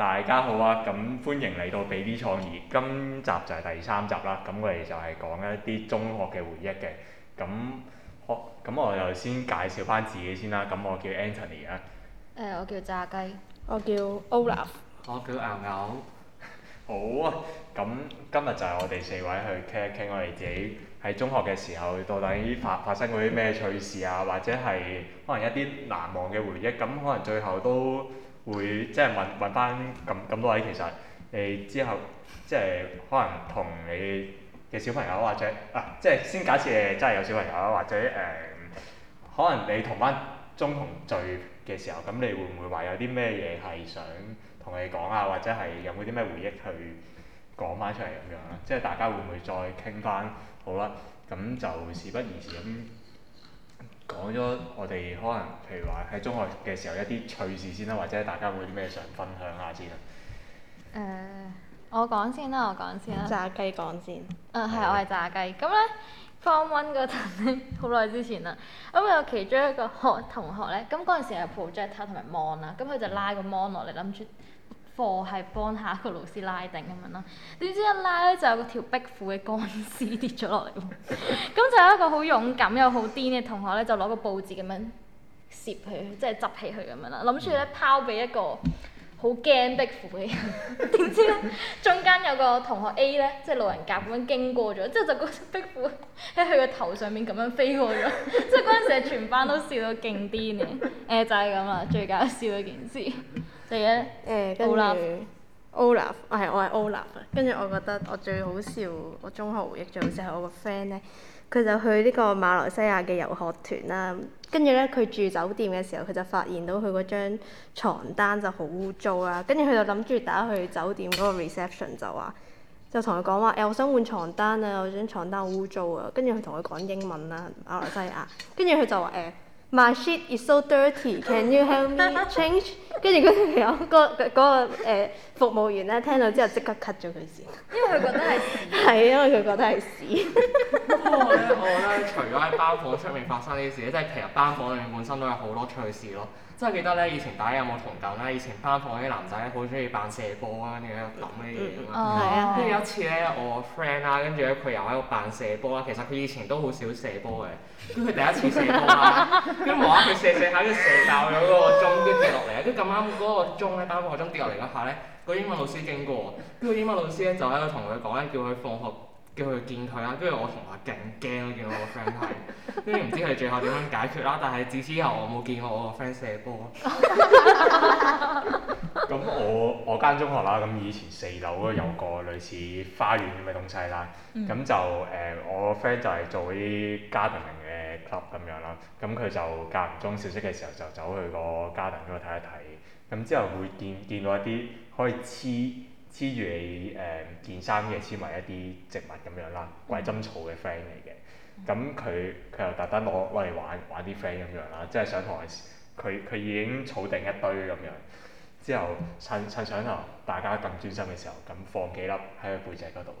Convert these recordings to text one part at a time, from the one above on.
大家好啊，咁歡迎嚟到 B B 創意，今集就係第三集啦。咁我哋就係講一啲中學嘅回憶嘅。咁我咁我就先介紹返自己先啦。咁我叫 Anthony 啊、呃。我叫炸雞，我叫 Ola， 我叫牛牛好。好啊，咁今日就係我哋四位去傾一傾我哋自己喺中學嘅時候到底發發生過啲咩趣事啊，或者係可能一啲難忘嘅回憶。咁可能最後都～會即係問問翻咁咁多位，其實你之後即係可能同你嘅小朋友或者啊，即係先假設你真係有小朋友啦，或者誒、呃，可能你同班中同聚嘅時候，咁你會唔會話有啲咩嘢係想同你講啊？或者係有冇啲咩回憶去講翻出嚟咁樣，即係大家會唔會再傾翻？好啦，咁就事不宜遲咁。講咗我哋可能，譬如話喺中學嘅時候一啲趣事先啦，或者大家會啲咩想分享下先啊？誒、呃，我講先啦，我講先啦，嗯。炸雞講先。誒、係、啊，嗯、我係炸雞。咁咧 Form One 嗰陣咧，好耐 之前啦。咁有其中一個學同學咧，咁嗰陣時係 project 同埋 mon 啦。咁佢就拉個 mon 落嚟，諗住。課係幫下一個老師拉定咁樣啦，點知一拉咧就有個條壁虎嘅乾屍跌咗落嚟喎，咁就有一個好、嗯、 勇敢又好癲嘅同學咧，就攞個報紙咁樣攝佢，即係執起佢咁樣啦，諗住咧拋俾一個好驚壁虎嘅人，點 知咧中間有個同學 A 咧，即係路人甲咁樣經過咗，之後就嗰條壁虎喺佢嘅頭上面咁樣飛過咗，即係嗰陣時係全班都笑到勁癲嘅，誒、欸、就係咁啦，最搞笑一件事。你咧？誒、欸，跟住 Olaf，我係我係 Olaf。跟住、哦、我，我覺得我最好笑，我中學回憶最好笑係我個 friend 咧。佢就去呢個馬來西亞嘅遊學團啦。跟住咧，佢住酒店嘅時候，佢就發現到佢嗰張床單就好污糟啦。跟住佢就諗住打去酒店嗰個 reception，就話就同佢講話誒，我想換床單啊，我張床單好污糟啊。跟住佢同佢講英文啦，馬來西亞。跟住佢就話誒。欸 S My shit is so dirty. Can you help me change? 跟住佢陣時，我、那個、那個呃、服務員咧聽到之後，即刻 cut 咗佢先。因為佢覺得係係，因為佢覺得係屎。我覺得除咗喺包房出面發生呢啲事，即係 其實包房裏面本身都有好多趣事咯。真係記得咧，以前大家有冇同感咧？以前班房嗰啲男仔好中意扮射波，啊啲咁嘅嘢啊嘛。跟住有一次咧，我 friend 啦，跟住咧佢又喺度扮射波啦、啊。其實佢以前都好少射波嘅，跟住 第一次射波啦、啊。跟住話佢射射下，跟住射爆咗個鐘，跟住跌落嚟。跟住咁啱嗰個鐘咧，啱好個鐘跌落嚟嗰下咧，個英文老師經過，跟住個英文老師咧就喺度同佢講咧，叫佢放學。叫佢見佢啦，跟住我同埋勁驚咯，見我個 friend 睇，跟住唔知佢最後點樣解決啦。但係自此以後，我冇見過我個 friend 射波。咁 我我間中學啦，咁以前四樓有個類似花園咁嘅東西啦。咁、嗯、就誒、呃，我個 friend 就係做啲 gardening 嘅 club 咁樣啦。咁佢就間唔中小息嘅時候就走去個 garden 嗰度睇一睇。咁之後會見見到一啲可以黐黐住你誒、呃、件衫嘅黐埋一啲植物咁樣啦，鬼針、嗯、草嘅 friend 嚟嘅，咁佢佢又特登攞攞嚟玩玩啲 friend 咁樣啦，即係想同嘅佢佢已經儲定一堆咁樣，之後、嗯、趁趁上堂大家咁專心嘅時候，咁放幾粒喺佢背脊嗰度。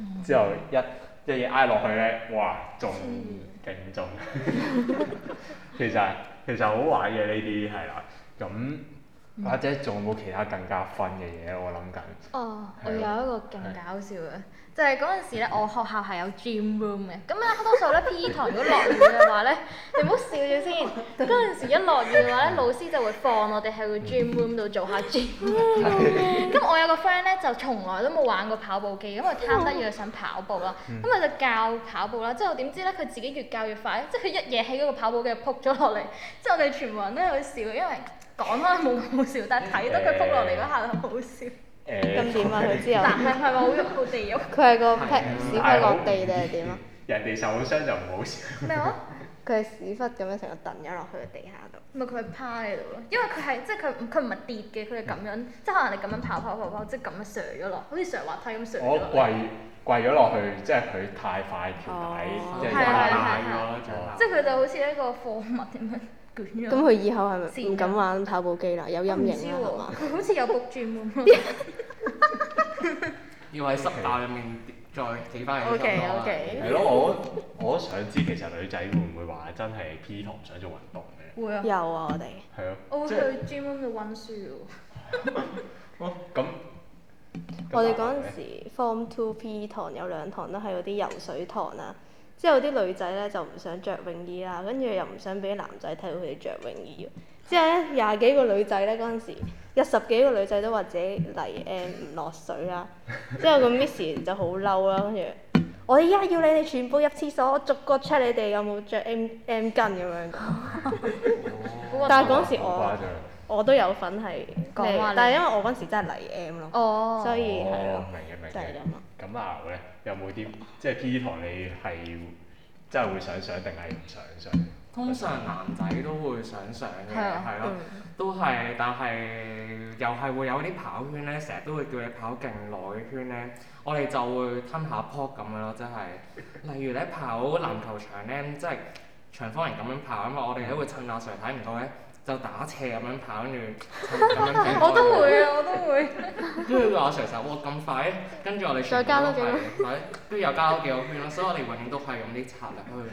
嗯、之後一一嘢挨落去咧，哇仲勁中，刺更中 其，其實其實好玩嘅呢啲係啦，咁。嗯或者仲有冇其他更加 fun 嘅嘢，我諗緊。哦、oh, 了，我有一個勁搞笑嘅，的就係嗰陣時咧，我學校係有 gym room 嘅。咁咧多數咧 ，P.E. 堂如果落雨嘅話咧，你唔好笑住先。嗰陣 我對 時一落雨嘅話咧，老師就會放我哋喺個 gym room 度做下 gym。咁我有個 friend 咧，就從來都冇玩過跑步機，因為貪得意想跑步啦。咁佢 就教跑步啦，之後點知咧佢自己越教越快，即係佢一夜喺嗰個跑步機度撲咗落嚟。之後我哋全部人都喺度笑，因為。講開冇冇笑，但係睇到佢撲落嚟嗰下係好笑。咁點啊？佢之後，但係係咪好喐地喐？佢係個屁屎忽落地定係點啊？人哋受咗傷就唔好笑。咩話？佢係屎忽，咁樣成日蹬咗落去地下度。唔係佢趴喺度，因為佢係即係佢佢唔係跌嘅，佢係咁樣，即係可能你咁樣跑跑跑跑，即係咁樣瀡咗落，好似瀡滑梯咁瀡落嚟。我跪跪咗落去，即係佢太快跳底，即係佢慢咗即係佢就好似一個貨物咁樣。咁佢以後係咪唔敢玩跑步機啦？有陰影啦，係嘛？佢好似有焗住喎。要喺濕氣入面再起翻起佢啦。O K O K。係咯，我我想知其實女仔會唔會話真係 P 堂唔想做運動嘅？會啊，有啊，我哋。係啊。我會去 gym 度温書喎。我咁。我哋嗰陣時 form two P 堂有兩堂都係嗰啲游水堂啊。之後啲女仔咧就唔想着泳衣啦，跟住又唔想俾男仔睇到佢哋着泳衣呢、呃。之後咧廿幾個女仔咧嗰陣時，有十幾個女仔都話自己嚟誒唔落水啦。之後個 Miss 就好嬲啦，跟住我依家要你哋全部入廁所，逐個 check 你哋有冇着 M M 巾，咁樣講。 但係嗰時我。 我都有份係講話，但係因為我嗰時真係嚟 M 咯，oh, 所以明嘅，哦。明嘅咁啊。咁阿 Cow 咧，有冇啲即係 P.E. 堂你係真係會想上定係唔想上？通常男仔都會想上嘅，係咯，都係。但係又係會有啲跑圈咧，成日都會叫你跑勁耐嘅圈咧。我哋就會吞下波咁樣咯，即係，例如你跑籃球場咧，即係長方形咁樣跑啊嘛。我哋都會趁阿 Sir 睇唔到咧。就打斜咁樣跑，跟住我都會啊，我都會。跟住個阿 Sir 就哇，咁快？跟住我哋再加都幾圈，跟住又加多幾個圈啦。所以我哋永遠都係用啲策略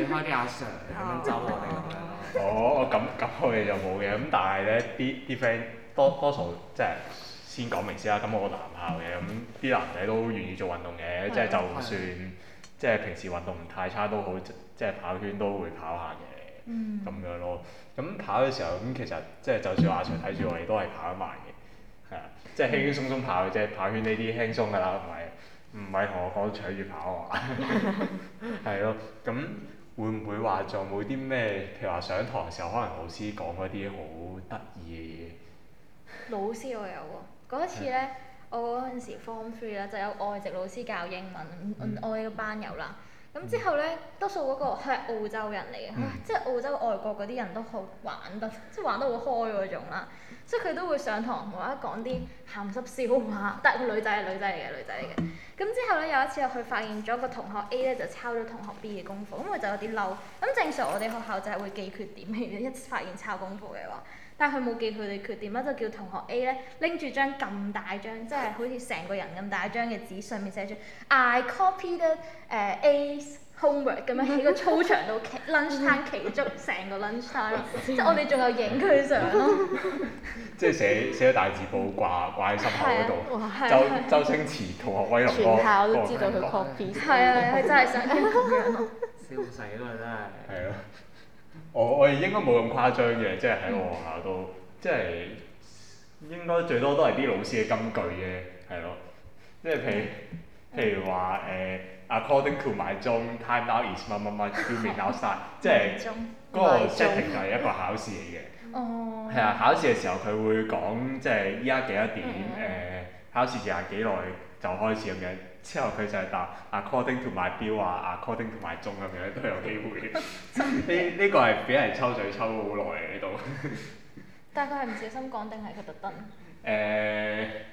去避開啲阿 Sir 咁樣走過嚟咁樣咯。哦，咁咁我哋就冇嘅。咁但係咧，啲啲 friend 多多數即係先講明先啦。咁我男校嘅，咁啲男仔都願意做運動嘅，即係就算即係平時運動唔太差都好，即係跑圈都會跑下嘅。嗯，咁樣咯。咁、嗯嗯、跑嘅時候，咁其實即係、就是、就算阿 sir 睇住我哋都係跑得慢嘅，係啊，即係輕輕鬆鬆跑嘅啫，跑圈呢啲輕鬆噶啦，唔係唔係同我講搶住跑啊嘛，係咯、嗯。咁、嗯、會唔會話仲冇啲咩？譬如話上堂嘅時候，可能老師講嗰啲好得意嘅嘢。老師我有喎、啊，嗰次咧、嗯，我嗰陣時 form three 啦，就有外籍老師教英文，我哋個班有啦。咁之後咧，多數嗰個係澳洲人嚟嘅、mm hmm. 啊，即係澳洲外國嗰啲人都好玩，玩得，即係玩得好開嗰種啦。即係佢都會上堂，我講一講啲鹹濕笑話，但係個女仔係女仔嚟嘅，女仔嚟嘅。咁、mm hmm. 之後咧，有一次佢發現咗個同學 A 咧就抄咗同學 B 嘅功課，咁佢就有啲嬲。咁正常我哋學校就係會記缺點，如果一發現抄功課嘅話。但係佢冇記佢哋缺點，乜都叫同學 A 咧拎住張咁大張，即係好似成個人咁大張嘅紙，上面寫住 I copied A homework 咁樣，喺個操場度 lunch time 企足成個 lunch time，即係我哋仲有影佢相咯。即係寫寫大字報掛掛喺心口嗰度，周周星馳同學威龍全校都知道佢 copy。係啊，佢真係想笑死啦，真係。係咯。我我應該冇咁誇張嘅，即係喺我學校度，即係應該最多都係啲老師嘅金句嘅，係咯。即係譬如譬如話誒，According to my 鐘，Time now is 乜乜乜，Do me outside，即係嗰個 setting 就係一個考試嚟嘅。哦。係啊，考試嘅時候佢會講，即係依家幾多點誒？考試仲係幾耐就開始咁樣。之後佢就係答，According to my 表啊，According to my 鐘咁樣都係有機會呢，呢個係俾人抽水抽好耐喺度，但係佢係唔小心講定係佢特登？誒、欸，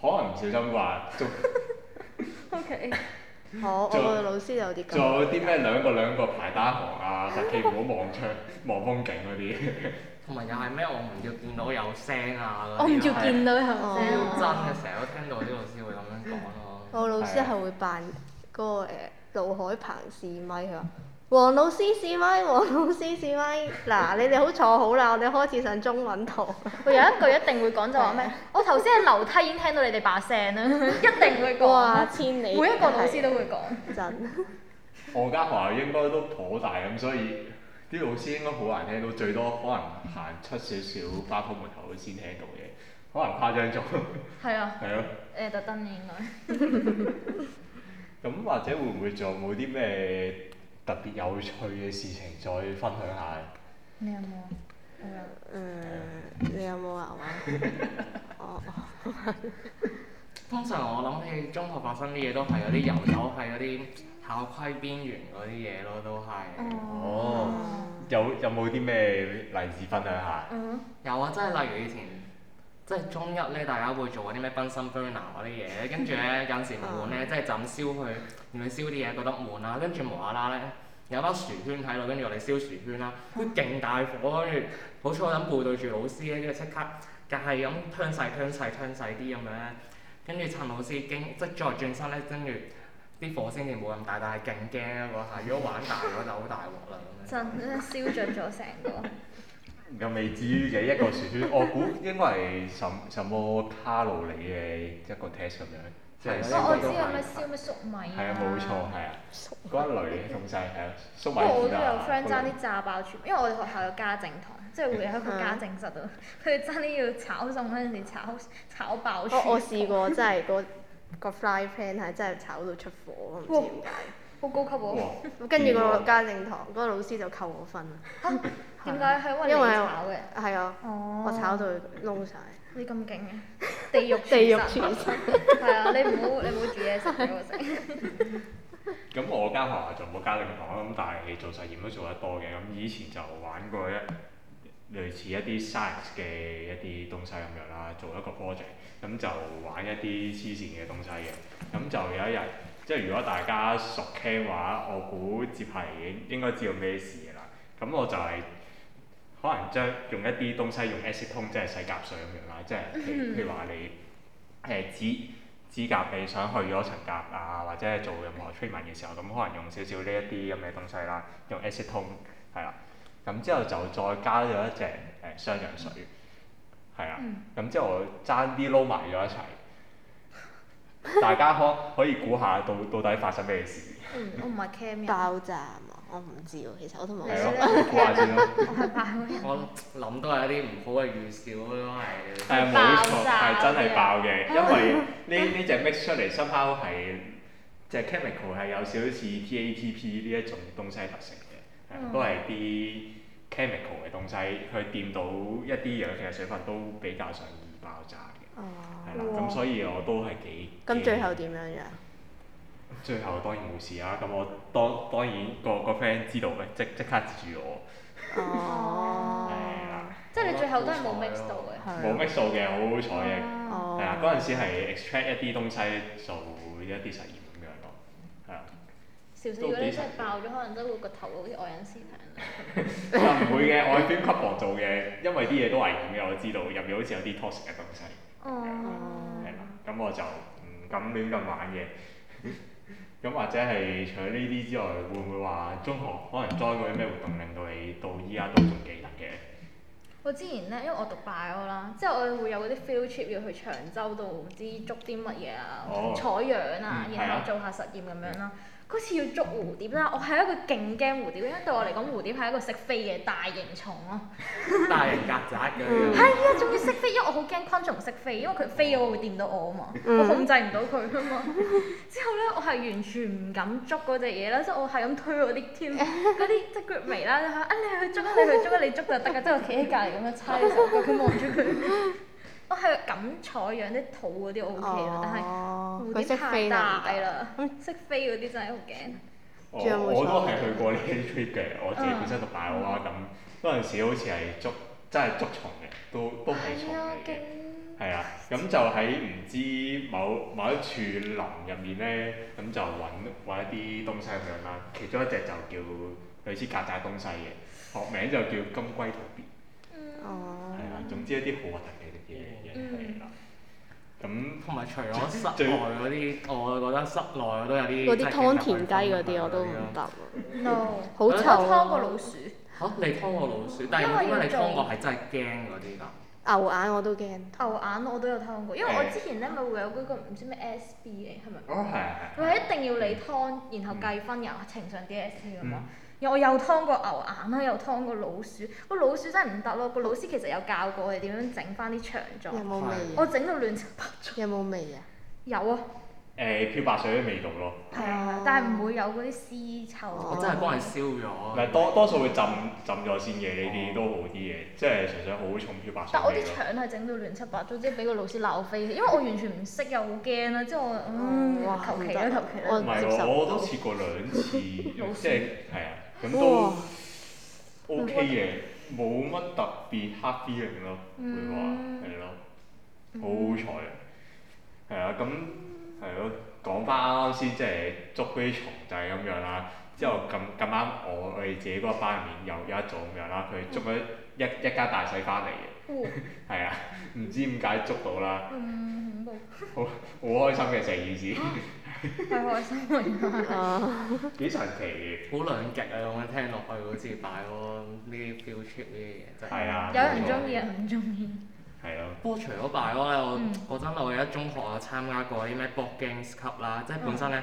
可能唔小心啩？O K，我我老師有啲。仲 有啲咩兩個兩個排單行啊？石器唔好望窗望風景嗰啲，同埋又係咩我唔要見到有聲啊我唔要見到有聲、啊，我真係成日都聽到啲老師會咁樣講喎。我老師係會扮嗰個誒盧海鵬試咪，佢話：黃老師試咪，黃老師試咪。嗱， 你哋好坐好啦，我哋開始上中文堂。佢 有一句一定會講就話咩？ 我頭先喺樓梯已經聽到你哋把聲啦， 一定會講。哇！千里。每一個老師都會講真。我家學校應該都頗大咁，所以啲老師應該好難聽到，最多可能行出少少花鋪門口先聽到嘢。可能誇張咗，係啊，誒是、啊、特登嘅應該。咁 或者會唔會仲有冇啲咩特別有趣嘅事情再分享下，你有冇、嗯？你有冇？你有冇啊？ 通常我諗起中途發生啲嘢都係有啲遊走喺嗰啲校規邊緣嗰啲嘢咯，都係。哦。哦哦有，有冇啲咩例子分享下？嗯、有啊，即係例如以前。即係中一咧，大家會做嗰啲咩 Bunsen burner 嗰啲嘢，跟住咧有時悶咧， 即係就咁燒佢，原來燒啲嘢覺得悶啦，跟住無啦啦咧有包薯圈喺度，跟住我哋燒薯圈啦，佢勁大火，跟住好彩我咁背對住老師咧，跟住即刻就係咁㩒細㩒細㩒細啲咁樣，跟住陳老師經即再轉身咧，跟住啲火星就冇咁大，但係勁驚啊下，如果玩大咗就好大鑊啦咁樣。真真 燒盡咗成個。又未至於嘅一個薯圈，我估應該係什什麼卡路里嘅一個 test 咁樣，即係我知係咪燒咩粟米？係啊，冇錯，係啊，嗰類嘅東西係啊，粟米。我都有 friend 爭啲炸爆薯，因為我哋學校有家政堂，即係會喺個家政室度，佢哋爭啲要炒餸嗰陣時炒炒爆。我我試過真係個個 frypan 係真係炒到出火，唔知點解。好高級喎！跟住個家政堂嗰個老師就扣我分啦。點解？係因為炒嘅？係啊，我炒到佢撈曬。你咁勁嘅，地獄地獄廚神，係啊！你唔好 你唔好煮嘢食俾我食。咁我間學校就冇家政房，咁但係你做實驗都做得多嘅。咁以前就玩過一類似一啲 science 嘅一啲東西咁樣啦，做一個 project，咁就玩一啲黐線嘅東西嘅。咁就有一日，即係如果大家熟 Cow 嘅話，我估接係應該應該知道咩事啦。咁我就係、是。可能將用一啲東西用 acetone 即係洗甲水咁樣啦，即係譬如話你誒指指甲你想去咗層甲啊，或者係做任何 treatment 嘅時候，咁可能用少少呢一啲咁嘅東西啦，用 acetone 係啦，咁之後就再加咗一隻誒、呃、雙氧水，係啊，咁、嗯、之後我爭啲撈埋咗一齊，大家可可以估下到到底發生咩事？我唔係爆炸。我唔知喎，其實我， 我都冇。係咯，好怪啲咯。我諗都係一啲唔好嘅預兆咯，係。係冇錯，係錯真係爆嘅，啊、因為呢呢隻 mix 出嚟 suppose 係即 chemical 係有少少似 TATP 呢一種東西特性嘅，啊、都係啲 chemical 嘅東西，佢掂到一啲氧氣嘅水分都比較上易爆炸嘅。哦。係啦，咁所以我都係幾。咁最後點樣樣？最後當然冇事啦。咁我當當然個個 friend 知道嘅，即即刻接住我，係啊，即係你最後都係冇 mix 到嘅，冇 mix 到嘅，好好彩嘅，係啊，嗰陣時係 extract 一啲東西做一啲實驗咁樣咯，係啊，少少嗰啲真係爆咗，可能都會個頭好似外人屍體，但唔會嘅，我喺 c 係專級房做嘅，因為啲嘢都危險嘅，我知道入面好似有啲 toxic 嘅東西，係啦，咁我就唔敢亂咁玩嘅。咁、嗯、或者係除咗呢啲之外，會唔會話中學可能 join 過啲咩活動，令到你到依家都仲記得嘅？我之前咧，因為我讀大學啦，之後我會有嗰啲 field trip 要去長洲度，唔知捉啲乜嘢啊、採樣啊，然後做下實驗咁、嗯、樣啦。嗰次要捉蝴蝶啦，我係一個勁驚蝴蝶，因為對我嚟講，蝴蝶係一個識飛嘅大型蟲咯。大型曱甴咁樣。係啊，仲要識飛，因為我好驚昆蟲識飛，因為佢飛咗我會掂到我啊嘛，我控制唔到佢啊嘛。 之後咧，我係完全唔敢捉嗰隻嘢啦，即係我係咁推我啲添，嗰啲即腳尾啦，啊你去捉啊你去捉啊你，你捉就得㗎，即係我企喺隔離咁樣猜嘅時候，佢望住佢。我係咁採養啲土嗰啲 O K 啦，哦、但係佢蝶太大啦，識飛嗰啲、啊、 真係好驚。我都係去過呢啲 trip 嘅，我自己本身讀大學啦。咁、嗯，嗰陣時好似係捉真係捉蟲嘅，都都係蟲嚟嘅。係、哎、啊，咁就喺唔知某某一處林入面咧，咁就揾揾一啲東西去養啦。其中一隻就叫類似曱甴東西嘅，學名就叫金龜土蟬。哦、嗯。係、嗯、啊，總之一啲好核突。嘢嘢咁同埋除咗室內嗰啲，我覺得室內我都有啲嗰啲劏田雞嗰啲我都唔得，no，好臭啊！我劏過老鼠。嚇，你劏過老鼠？但係因為要劏過係真係驚嗰啲㗎。牛眼我都驚，牛眼我都有劏過，因為我之前咧咪會有嗰個唔知咩 SB 嘅係咪？哦，係係佢係一定要你劏，然後計分，然後呈上 DSE 噶嘛。我又劏過牛眼啦，又劏過老鼠。個老鼠真係唔得咯。個老師其實有教過我點樣整翻啲腸狀，有冇味？我整到亂七八糟，有冇味啊？有啊。誒漂白水嘅味道咯。係啊，但係唔會有嗰啲絲臭，我真係光係燒咗。唔係多多數會浸浸咗先嘅，呢啲都好啲嘅，即係純粹好重漂白水。但我啲腸係整到亂七八糟，即係俾個老師鬧飛。因為我完全唔識又好驚啦，即係我嗯求其啦求其啦。唔係我我都切過兩次，即係啊。咁都 OK 嘅，冇乜、哦嗯、特別黑 feeling 咯，會話係咯，好好彩啊！係啊，咁係咯，講翻啱啱先即係捉嗰啲蟲仔咁樣啦。嗯、之後咁咁啱，我我哋自己嗰班入面又有一組咁樣啦，佢捉咗一、嗯、一家大細翻嚟，嘅、嗯，係 啊，唔知點解捉到啦，好、嗯、 開心嘅成件事。 係開心好多，幾神奇，好兩極啊！咁樣聽落去好似大鍋呢啲 field trip 呢啲嘢，真係有人中意啊，有人唔中意。係啊。不過除咗大鍋咧，我嗰陣我而家中學我參加過啲咩 board games club 啦，即係本身咧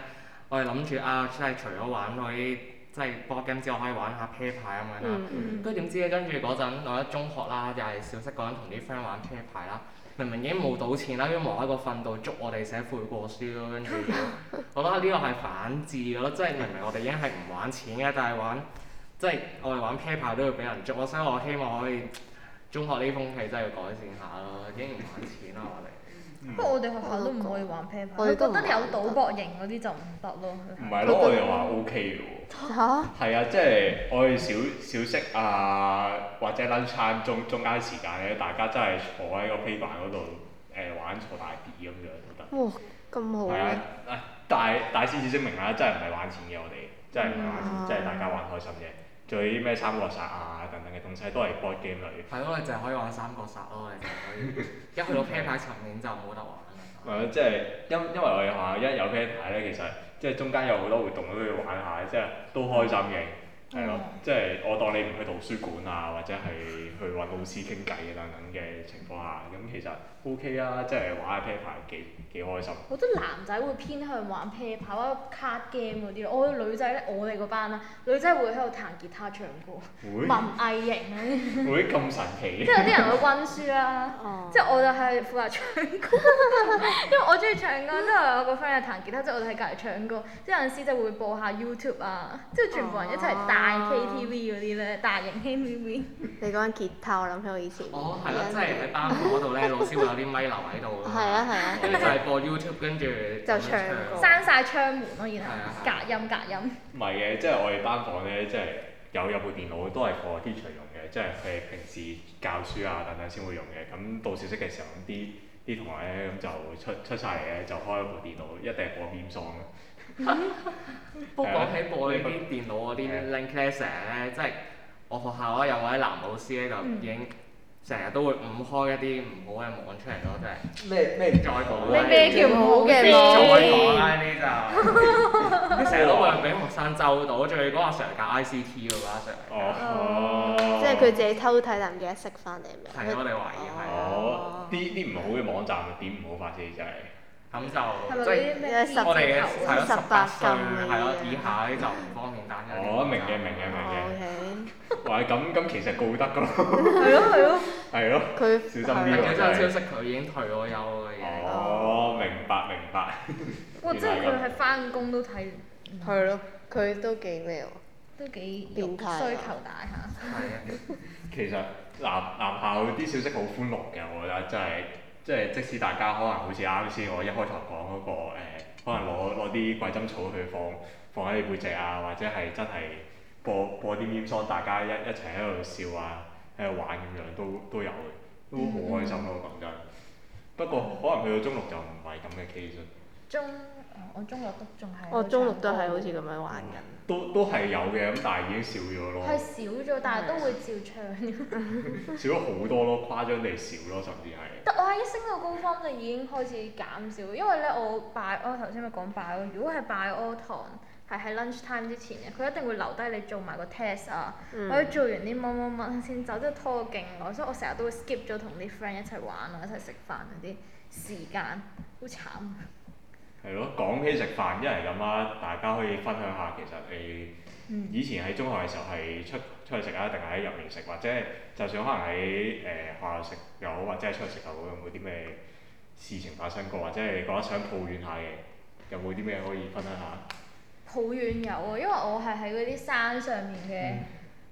我係諗住啊，即係除咗玩嗰啲即係 board games 之外，可以玩下 pair 牌咁樣啦。跟住點知咧？跟住嗰陣我一中學啦，又係小息嗰陣同啲 friend 玩 pair 牌啦。明明已經冇賭錢啦，跟住望喺個訓導捉我哋寫悔過書咯，跟住 我覺得呢個係反智咯，即係明明我哋已經係唔玩錢嘅，但係玩即係我哋玩 pair 牌都要俾人捉，所以我希望我哋中學呢風氣真係要改善下咯，已經唔玩錢啦我哋！不過、嗯、我哋學校都唔可以玩啤牌，我覺得有賭博型嗰啲就唔得咯。唔係咯，我哋話 O K 嘅喎。係啊，即係、啊就是、我哋小小息啊，或者 lunch time 中中間時間咧，大家真係坐喺個啤牌嗰度誒玩坐大 D 咁樣都得。哇！咁好啊！係啊，大大先至聲明啊，真係唔係玩錢嘅，我哋真係唔係玩錢，嗯啊、真係大家玩開心啫。做啲咩《三國殺》啊等等嘅東西，都係 board game 類。係咯，你淨係可以玩《三國殺》咯， 你淨係可以。 一去到 pair 牌層面就冇得玩啦。唔係 Okay，即係因因為我哋學校一有 pair 牌呢，其實即係中間有好多活動都要玩下，即係都開心嘅。係咯，即係我當你唔去圖書館啊，或者係去揾老師傾偈等等嘅情況下，咁其實。O K 啊，即係玩下 pair 牌幾幾開心。好多男仔會偏向玩 pair 牌或者 a r d game 嗰啲咯。我女仔咧，我哋嗰班啦，女仔會喺度彈吉他唱歌。會。文藝型。會咁神奇。即係有啲人會温書啦。即係我就係負責唱歌，因為我中意唱歌，即係我個 friend 又彈吉他，即係我哋喺隔籬唱歌。即係有陣時就會播下 YouTube 啊，即係全部人一齊大 K T V 嗰啲咧，大型 m T V。你講緊吉他，我諗起我以前。哦，係啦，即係喺班級嗰度咧，老師會啲咪留喺度咯，跟住就係播 YouTube，跟住就唱，閂晒窗門咯，然後隔音隔音。唔係嘅，即係我哋班房咧，即係有有部電腦，都係課業 teacher 用嘅，即係佢哋平時教書啊等等先會用嘅。咁到小息嘅時候，啲啲同學咧咁就出出晒嚟咧，就開部電腦，一定係播 M Song。不過講起播呢啲電腦嗰啲 link lesson 咧，即係我學校啊，有位男老師咧就已經。成日都會五開一啲唔好嘅網出嚟咯，真係咩咩再補咧、啊？咩咩叫唔好嘅網站？再講啦，呢啲就成日都會俾學生周到。仲要阿 Sir 教 I C T 阿 Sir，哦，即係佢自己偷睇但唔記得食翻你啊嘛。係啊，我哋懷疑係啊，啲啲唔好嘅網站點唔好法先？真係。咁就即係我哋嘅係咯十八歲，係咯以下啲就唔方便單身。我明嘅，明嘅，明嘅。喂，咁咁其實告得噶咯。係咯係咯。係咯。佢小心啲。佢已經退咗休嘅嘢。哦，明白明白。哇！即係佢係返工都睇。係咯，佢都幾咩喎？都幾。變態需求大下。係啊，其實男男校啲小息好歡樂嘅，我覺得真係。即係即使大家可能好似啱先我一開頭講嗰、那個誒、呃，可能攞攞啲鬼針草去放放喺你背脊啊，或者係真係播播啲謠謠，大家一一齊喺度笑啊，喺度玩咁樣都都有嘅，都好開心咯，講真。嗯、不過可能去到中六就唔係咁嘅 case。中我中六、哦、都仲係，我中六都係好似咁樣玩緊、嗯。都都係有嘅，咁但係已經少咗咯。係少咗，但係對 都會照唱。對 少咗好多咯，誇張地少咯，甚至係。但係一升到高峯就已經開始減少，因為咧我拜，我頭先咪講拜咯。如果係拜阿堂係喺 lunch time 之前嘅，佢一定會留低你做埋個 test 啊，我要、嗯、做完啲乜乜乜先走，即係拖勁我，所以我成日都會 skip 咗同啲 friend 一齊玩啊，一齊食飯嗰啲時間，好慘。係咯，講起食飯一係咁啦，大家可以分享下其實你以前喺中學嘅時候係出出去食啊，定係喺入面食，或者就算可能喺誒、呃、學校食又好，或者係出去食又好，有冇啲咩事情發生過，或者係覺得想抱怨下嘅，有冇啲咩可以分享下？抱怨有啊，因為我係喺嗰啲山上面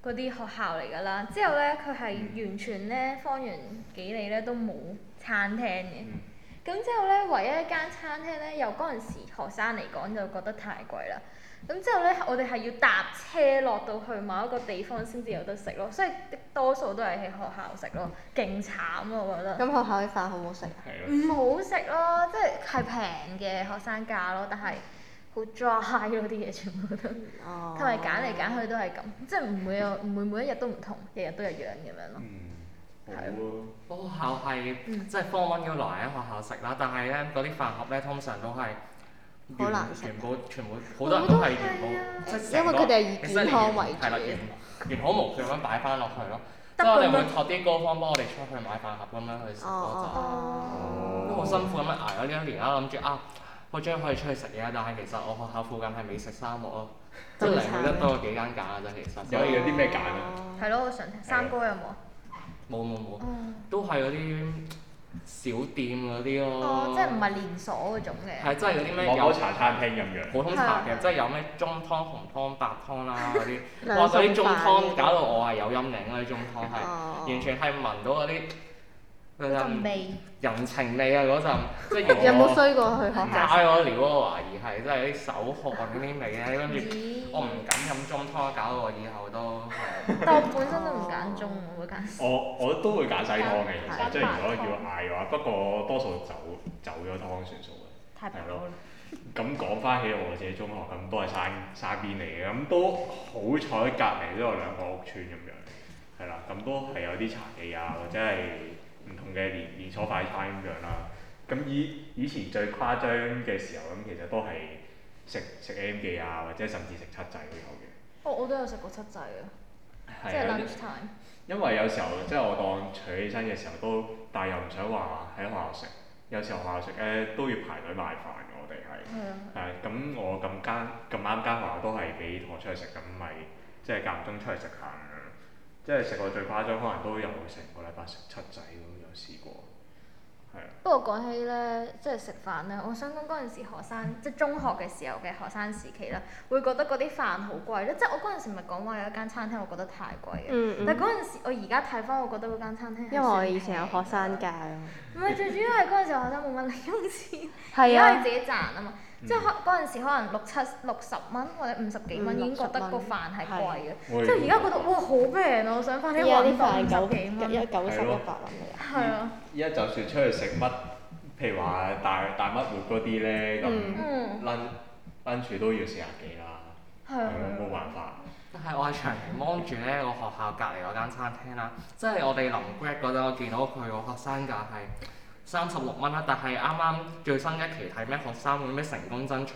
嘅嗰啲學校嚟㗎啦。之後呢，佢係完全呢，方圓幾里呢都冇餐廳嘅。嗯咁之後咧，唯一一間餐廳咧，由嗰陣時學生嚟講就覺得太貴啦。咁之後咧，我哋係要搭車落到去某一個地方先至有得食咯，所以多數都係喺學校食咯，勁慘啊！我覺得。咁學校嘅飯好唔好食？唔好食咯，即係係平嘅學生價咯，但係好 dry 咯，啲嘢全部都，同埋揀嚟揀去都係咁，即係唔會有唔 會每一日都唔同，日日都一樣咁樣咯。Mm. 嗯、學校係即係方 o 要來喺學校食啦，但係咧，嗰啲飯盒咧，通常都係完全部全部，好多人都係原部，因為佢哋係以健康為主，完好無損咁擺翻落去咯。即係我哋會託啲高方幫我哋出去買飯盒咁樣去食嗰陣，哦哦、都好辛苦咁樣捱咗呢一年啦。諗住啊，我將可以出去食嘢，但係其實我學校附近係美食沙漠咯，即嚟去得個多個幾間揀其真係，嗯、有有啲咩揀啊？係咯，我想聽山歌有冇冇冇冇，都係嗰啲小店嗰啲咯。哦，即係唔係連鎖嗰種嘅。係，真係嗰啲咩？有茶餐廳咁樣，普通茶嘅，對即係有咩中湯、紅湯、白湯啦嗰啲。 哇！嗰啲中湯 搞到我係有陰影啦！啲中湯係、哦、完全係聞到嗰啲。陣味，人情味啊嗰陣， 即係如果嗌我 有冇，我懷疑係真係啲手汗嗰啲味咧，跟住 我唔敢飲中湯，搞、 嗯、到我以後都。 但我本身都唔揀中， 我會揀。我我都會揀西湯嘅，其實即係如果要嗌嘅話，不過多數走走咗湯算數嘅。太平道。咁講翻起我自己中學咁都係山山邊嚟嘅，咁都好彩隔離都有兩個屋村咁樣，係啦，咁都係有啲茶記啊或者係。嘅年年初快餐咁樣啦，咁以以前最誇張嘅時候咁，其實都係食食 M 記啊，或者甚至食七仔都有嘅。哦，我都有食過七仔啊，即係 lunch time。因為有時候即係、就是、我當取起身嘅時候都，但係又唔想話喺學校食。有時候學校食咧、啊、都要排隊買飯我哋係，係咁、啊啊、我咁間咁啱間學校都係俾同學出去食咁咪，即係間唔中出去食下。即係食過最誇張，可能都有成個禮拜食七仔試過，係啊。不過講起咧，即係食飯咧，我想講嗰陣時學生，即係中學嘅時候嘅學生時期啦，會覺得嗰啲飯好貴咧。即係我嗰陣時咪講話有一間餐廳，我覺得太貴嘅。嗯嗯。但係嗰陣時，我而家睇翻，我覺得嗰間餐廳，因為我以前有學生價啊。唔係，最主要係嗰陣時候學生冇乜零用錢，因為自己賺啊嘛。嗯、即係嗰陣時可能六七六十蚊或者五十幾蚊已經覺得個飯係貴嘅。嗯、即係而家覺得哇好平啊！我想翻我揾飯九幾蚊一九十一百蚊嘅。係啊了。依家，嗯、就算出去食乜，譬如話大大乜活嗰啲咧，咁 lunch 都要四廿幾啦，係啊，冇辦法。但係我係長期望住咧，我學校隔離嗰間餐廳啦，即係 我哋臨 grad 嗰陣，我見到佢個學生價係。三十六蚊啦，但係啱啱最新一期睇咩學生會咩成功爭取，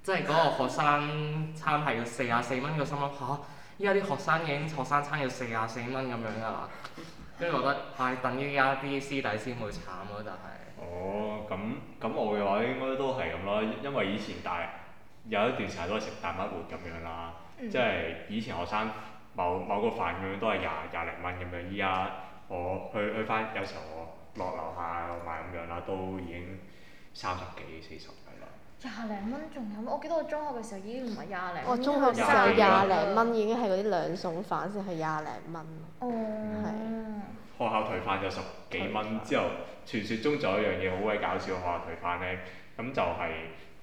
即係嗰個學生餐係要四啊四蚊，個心諗嚇，依家啲學生已經學生餐要四啊四蚊咁樣啊，跟住我覺得係、哎、等於而家啲師弟師妹慘咯，但係。哦，咁咁我嘅話應該都係咁咯，因為以前大有一段時間都係食大麥活咁樣啦，即係、嗯、以前學生某某個飯咁樣都係廿廿零蚊咁樣，依家我去去翻有時候。落樓下落埋咁樣啦，都已經三十幾四十蚊啦。廿零蚊仲有咩？我記得我中學嘅時候已經唔係廿零。我、哦、中學嘅時候廿零蚊已經係嗰啲兩餸飯先係廿零蚊。哦，係、嗯。是學校退飯就十幾蚊，下之後傳說中仲有一樣嘢好鬼搞笑，學校退飯呢。咁就係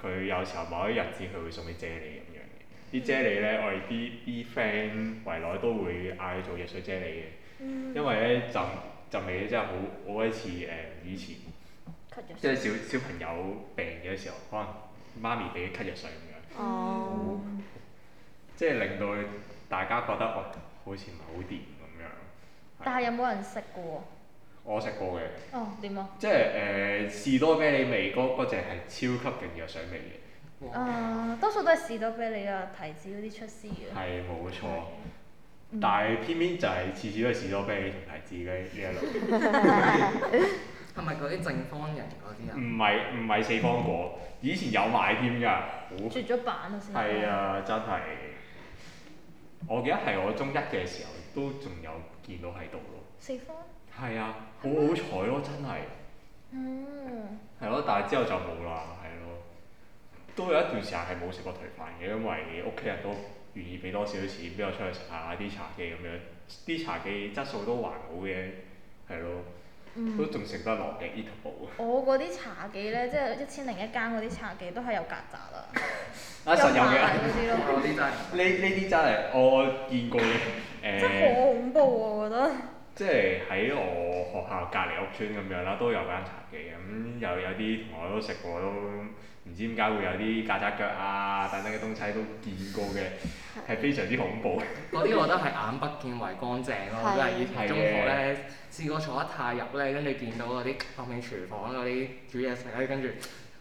佢有時候某一日子佢會送畀啫喱咁樣嘅。啲、嗯、啫喱呢，我哋啲啲 friend 圍內都會嗌做熱水啫喱嘅，嗯、因為呢就。陣味真係好，好似誒以前，即係小小朋友病嘅時候，可能媽咪俾佢咳藥水咁樣，嗯、即係令到大家覺得我好似唔係好掂咁樣。但係有冇人食過？我食過嘅。哦，點啊？即係誒、呃、士多啤梨味嗰嗰隻係超級勁藥水味嘅。啊哇，uh, 多數都係士多啤梨啊，提子嗰啲出先嘅。係冇錯。嗯、但係偏偏就係次次都係士多啤梨同提子嘅呢一路，係咪嗰啲正方人嗰啲啊？唔係唔係，四方果，嗯、以前有買添㗎，絕咗版啦先。係啊，真係。我記得係我中一嘅時候都仲有見到喺度咯。四方？係啊，好好彩咯，嗎真係的。嗯。係咯、啊，但係之後就冇啦，係咯、啊。都有一段時間係冇食過頹飯嘅，因為屋企人都。願意俾多少錢俾我出去查下啲茶記咁樣，啲茶記質素都還好嘅，係咯，嗯、都仲食得落嘅。Eatable。我嗰啲茶記咧，即係一千零一間嗰啲茶記都係有曱甴啦，阿實、 啊、有啲咯。呢呢啲真係我見過嘅。 呃、真係好恐怖、啊、我覺得。即係喺我學校隔離屋邨咁樣啦，都有間茶記咁又有啲同學都食過都。唔知點解會有啲曱甴腳啊等等嘅東西都見過嘅，係非常之恐怖。嗰啲我覺得係眼不見為乾淨咯，都係以前中學咧試過坐得太入咧，跟住見到嗰啲後面廚房嗰啲煮嘢食咧，跟住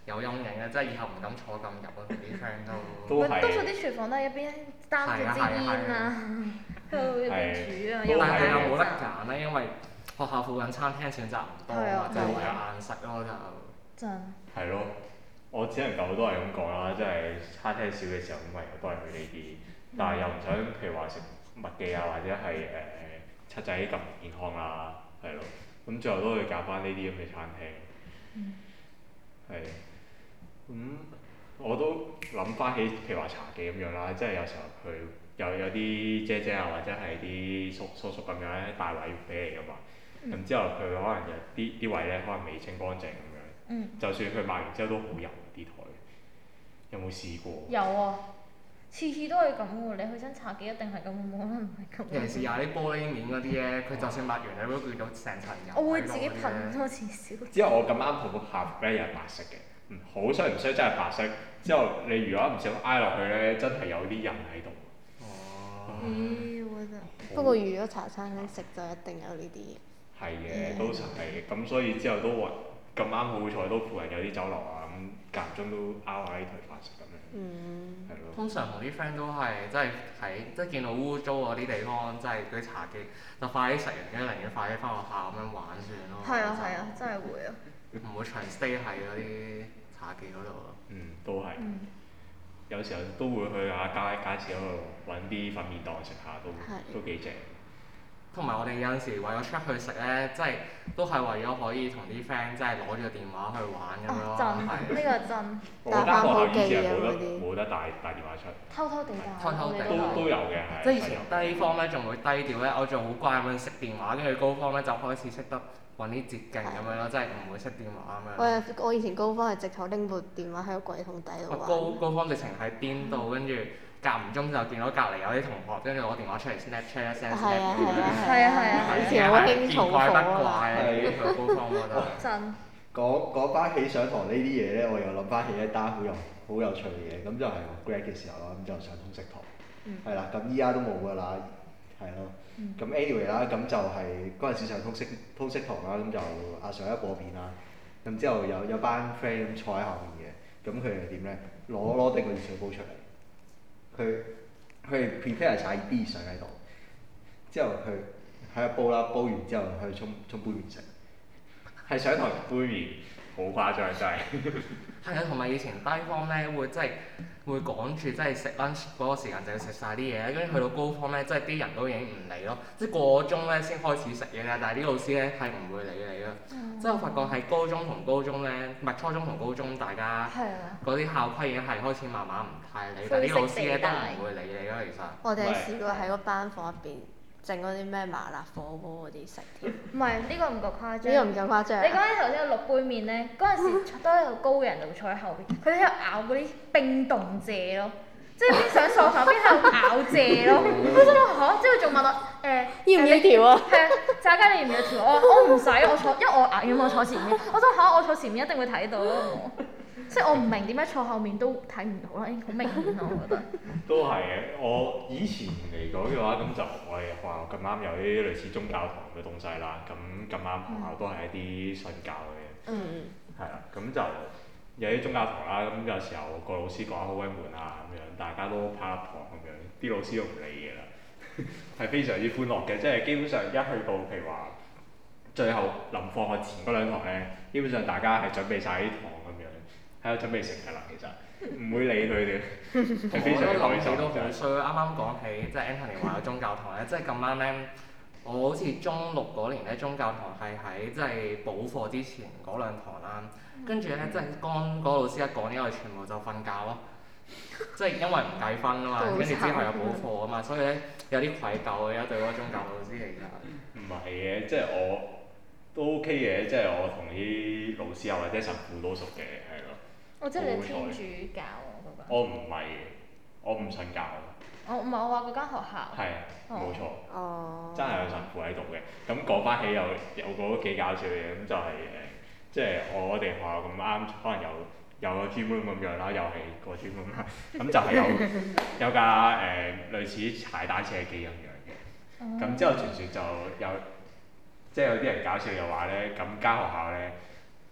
有陰影啊，即係以後唔敢坐咁入啊！啲 friend 都，多數啲廚房都係一邊擔住支煙啊，喺度入邊煮啊，但係又冇得揀咧，因為學校附近餐廳選擇唔多啊，就唯有硬食咯就。真。係咯。我只能夠都係咁講啦，即係餐廳少嘅時候咁，咪都係去呢啲，但係又唔想譬如話食麥記啊，或者係誒、呃、七仔咁唔健康啦，係咯，咁最後都會揀翻呢啲咁嘅餐廳。嗯。係。咁、嗯、我都諗翻起，譬如話茶記咁樣啦，即係有時候佢又有啲姐姐啊，或者係啲叔叔叔咁樣咧，帶位俾你㗎嘛。咁之、嗯、後佢可能有啲啲位呢，可能未清乾淨咁樣。嗯、就算佢抹完之後都好油。有冇試過？有啊，次次都係咁、啊、你去親茶記一定係咁，冇可能唔係咁。尤其是有啲玻璃面嗰啲咧，佢 就算抹完，你都見到成層人。我會自己噴多次少。之、嗯、後我咁啱好客俾人白色嘅、嗯，好衰唔衰真係白色。之後你如果唔想挨落去咧，真係有啲人喺度。哦。哎，我真。不過，如果茶餐廳食就一定有呢啲嘢。係嘅，都係。咁、嗯、所以之後都運咁啱好彩，都附近有啲酒樓啊咁。間中都拗 u t 下啲台飯食咁樣，係咯、嗯。的通常同啲 friend 都係，即係喺即係見到污糟嗰啲地方，即係嗰啲茶記，就快啲食完，跟住寧願快啲翻學校咁樣玩算咯。係啊係啊，真係會啊！唔會長 stay 喺嗰啲茶記嗰度咯。嗯，都係。嗯、有時候都會去下、啊、街街市嗰度揾啲粉麵檔食下，都的都幾正。同埋我哋有陣時為咗出去食咧，即係都係為咗可以同啲 friend 即係攞住個電話去玩咁樣咯。係，呢個真。冇得攜帶冇得冇得帶帶電話出。偷偷地帶，偷偷地帶。都都有嘅，即係以前低方咧，仲會低調咧，我仲好乖咁樣熄電話，跟住高方咧就開始識得揾啲捷徑咁樣咯，即係唔會熄電話咁樣。我以前高方係直頭拎部電話喺個櫃桶底度玩。高高方直情喺邊度？跟住。間唔中就見到隔離有啲同學，跟住攞電話出嚟 Snapchat 一 send，Snapchat，係啊係啊，以前又會興土布啊， 見怪不怪啊，啲土布方嗰度真。嗰 翻起上堂呢啲嘢呢，我又諗翻起一單好有好有趣嘅嘢，咁就係我 grad 嘅時候啦，咁就上通識堂，係啦、嗯，咁依家都冇㗎啦，係咯。咁 anyway 啦，咁就係嗰陣時上通識通識堂啦，咁就阿 Sir 一播片啦，咁之後有有班 friend 咁坐喺後面嘅，咁佢哋點呢？攞攞啲個熱水煲出嚟。佢佢 prepare 踩啲水喺度，之後佢喺度煲啦，煲完之後佢沖沖杯麵食，係 上台杯麵。好誇張，真係，係啊，同 埋以前低方咧會即係會趕住，即係食 lunch 嗰個時間就要食晒啲嘢，跟住去到高方咧，即係啲人都已經唔理咯，即係過咗中咧先開始食嘢啊，但係啲老師咧係唔會理你咯。即係、嗯、我發覺喺高中同高中咧，唔係初中同高中，大家嗰啲、嗯、校規已經係開始慢慢唔太理，的但係啲老師咧都唔會理你咯。其實我哋試過喺個班房入邊。整嗰啲咩麻辣火鍋嗰啲食添，唔係呢個唔夠誇張， 剛剛呢個唔夠誇張。你講起頭先個六杯麪咧，嗰 陣時都有高人奴坐喺後邊，佢哋喺度咬嗰啲冰凍蔗咯， 即係邊想嗦手邊喺度咬蔗咯。我心諗嚇，之後仲問我誒、呃、要唔要條啊？炸雞， 嗯、你要唔要條？我我唔使，我坐因為我硬嘅嘛，坐前面。我想諗嚇，我坐前面一定會睇到。 即係我唔明點解坐後面都睇唔到啦，誒好明顯咯，我覺得。 都係嘅，我以前嚟講嘅話，咁就我哋學校咁啱有啲類似宗教堂嘅東西啦。咁咁啱學校都係一啲信教嘅嘢，係啦、嗯。咁就有啲宗教堂啦。咁有時候個老師講好鬼悶啊，咁樣大家都拍一堂咁樣，啲老師都唔理嘅啦，係 非常之歡樂嘅。即係基本上一去到，譬如話最後臨放學前嗰兩堂咧，基本上大家係準備晒啲堂。係啊，準備成㗎啦，其實唔會理佢哋，係 非常唔開心，我覺都好衰。啱啱講起，即係 Anthony 話有宗教堂咧，即係咁啱咧，我好似中六嗰年咧，宗教堂係喺即係補課之前嗰兩堂啦。跟住咧，即係剛嗰個老師一講呢，我哋全部就瞓覺咯。即係因為唔計分啊嘛，跟住 之後又補課啊嘛，所以咧有啲愧疚啊，對嗰個宗教老師嚟㗎。唔係嘅，即係我都 OK 嘅，即係我同啲老師啊或者神父都熟嘅，我、哦、即係天主教嗰間錯。我唔係，我唔信教我。哦、我唔係我話嗰間學校。係，冇錯。Oh. 真係有神父喺度嘅。咁講翻起又又講都幾搞笑嘅，咁就係、是、誒，即、就、係、是、我哋學校咁啱，可能有又有個專門咁樣啦，又係個專門啦，咁就係有有架誒、 呃、類似踩單車嘅機咁樣嘅。咁之後傳説就有，即、就、係、是、有啲人搞笑又話咧，咁間學校咧。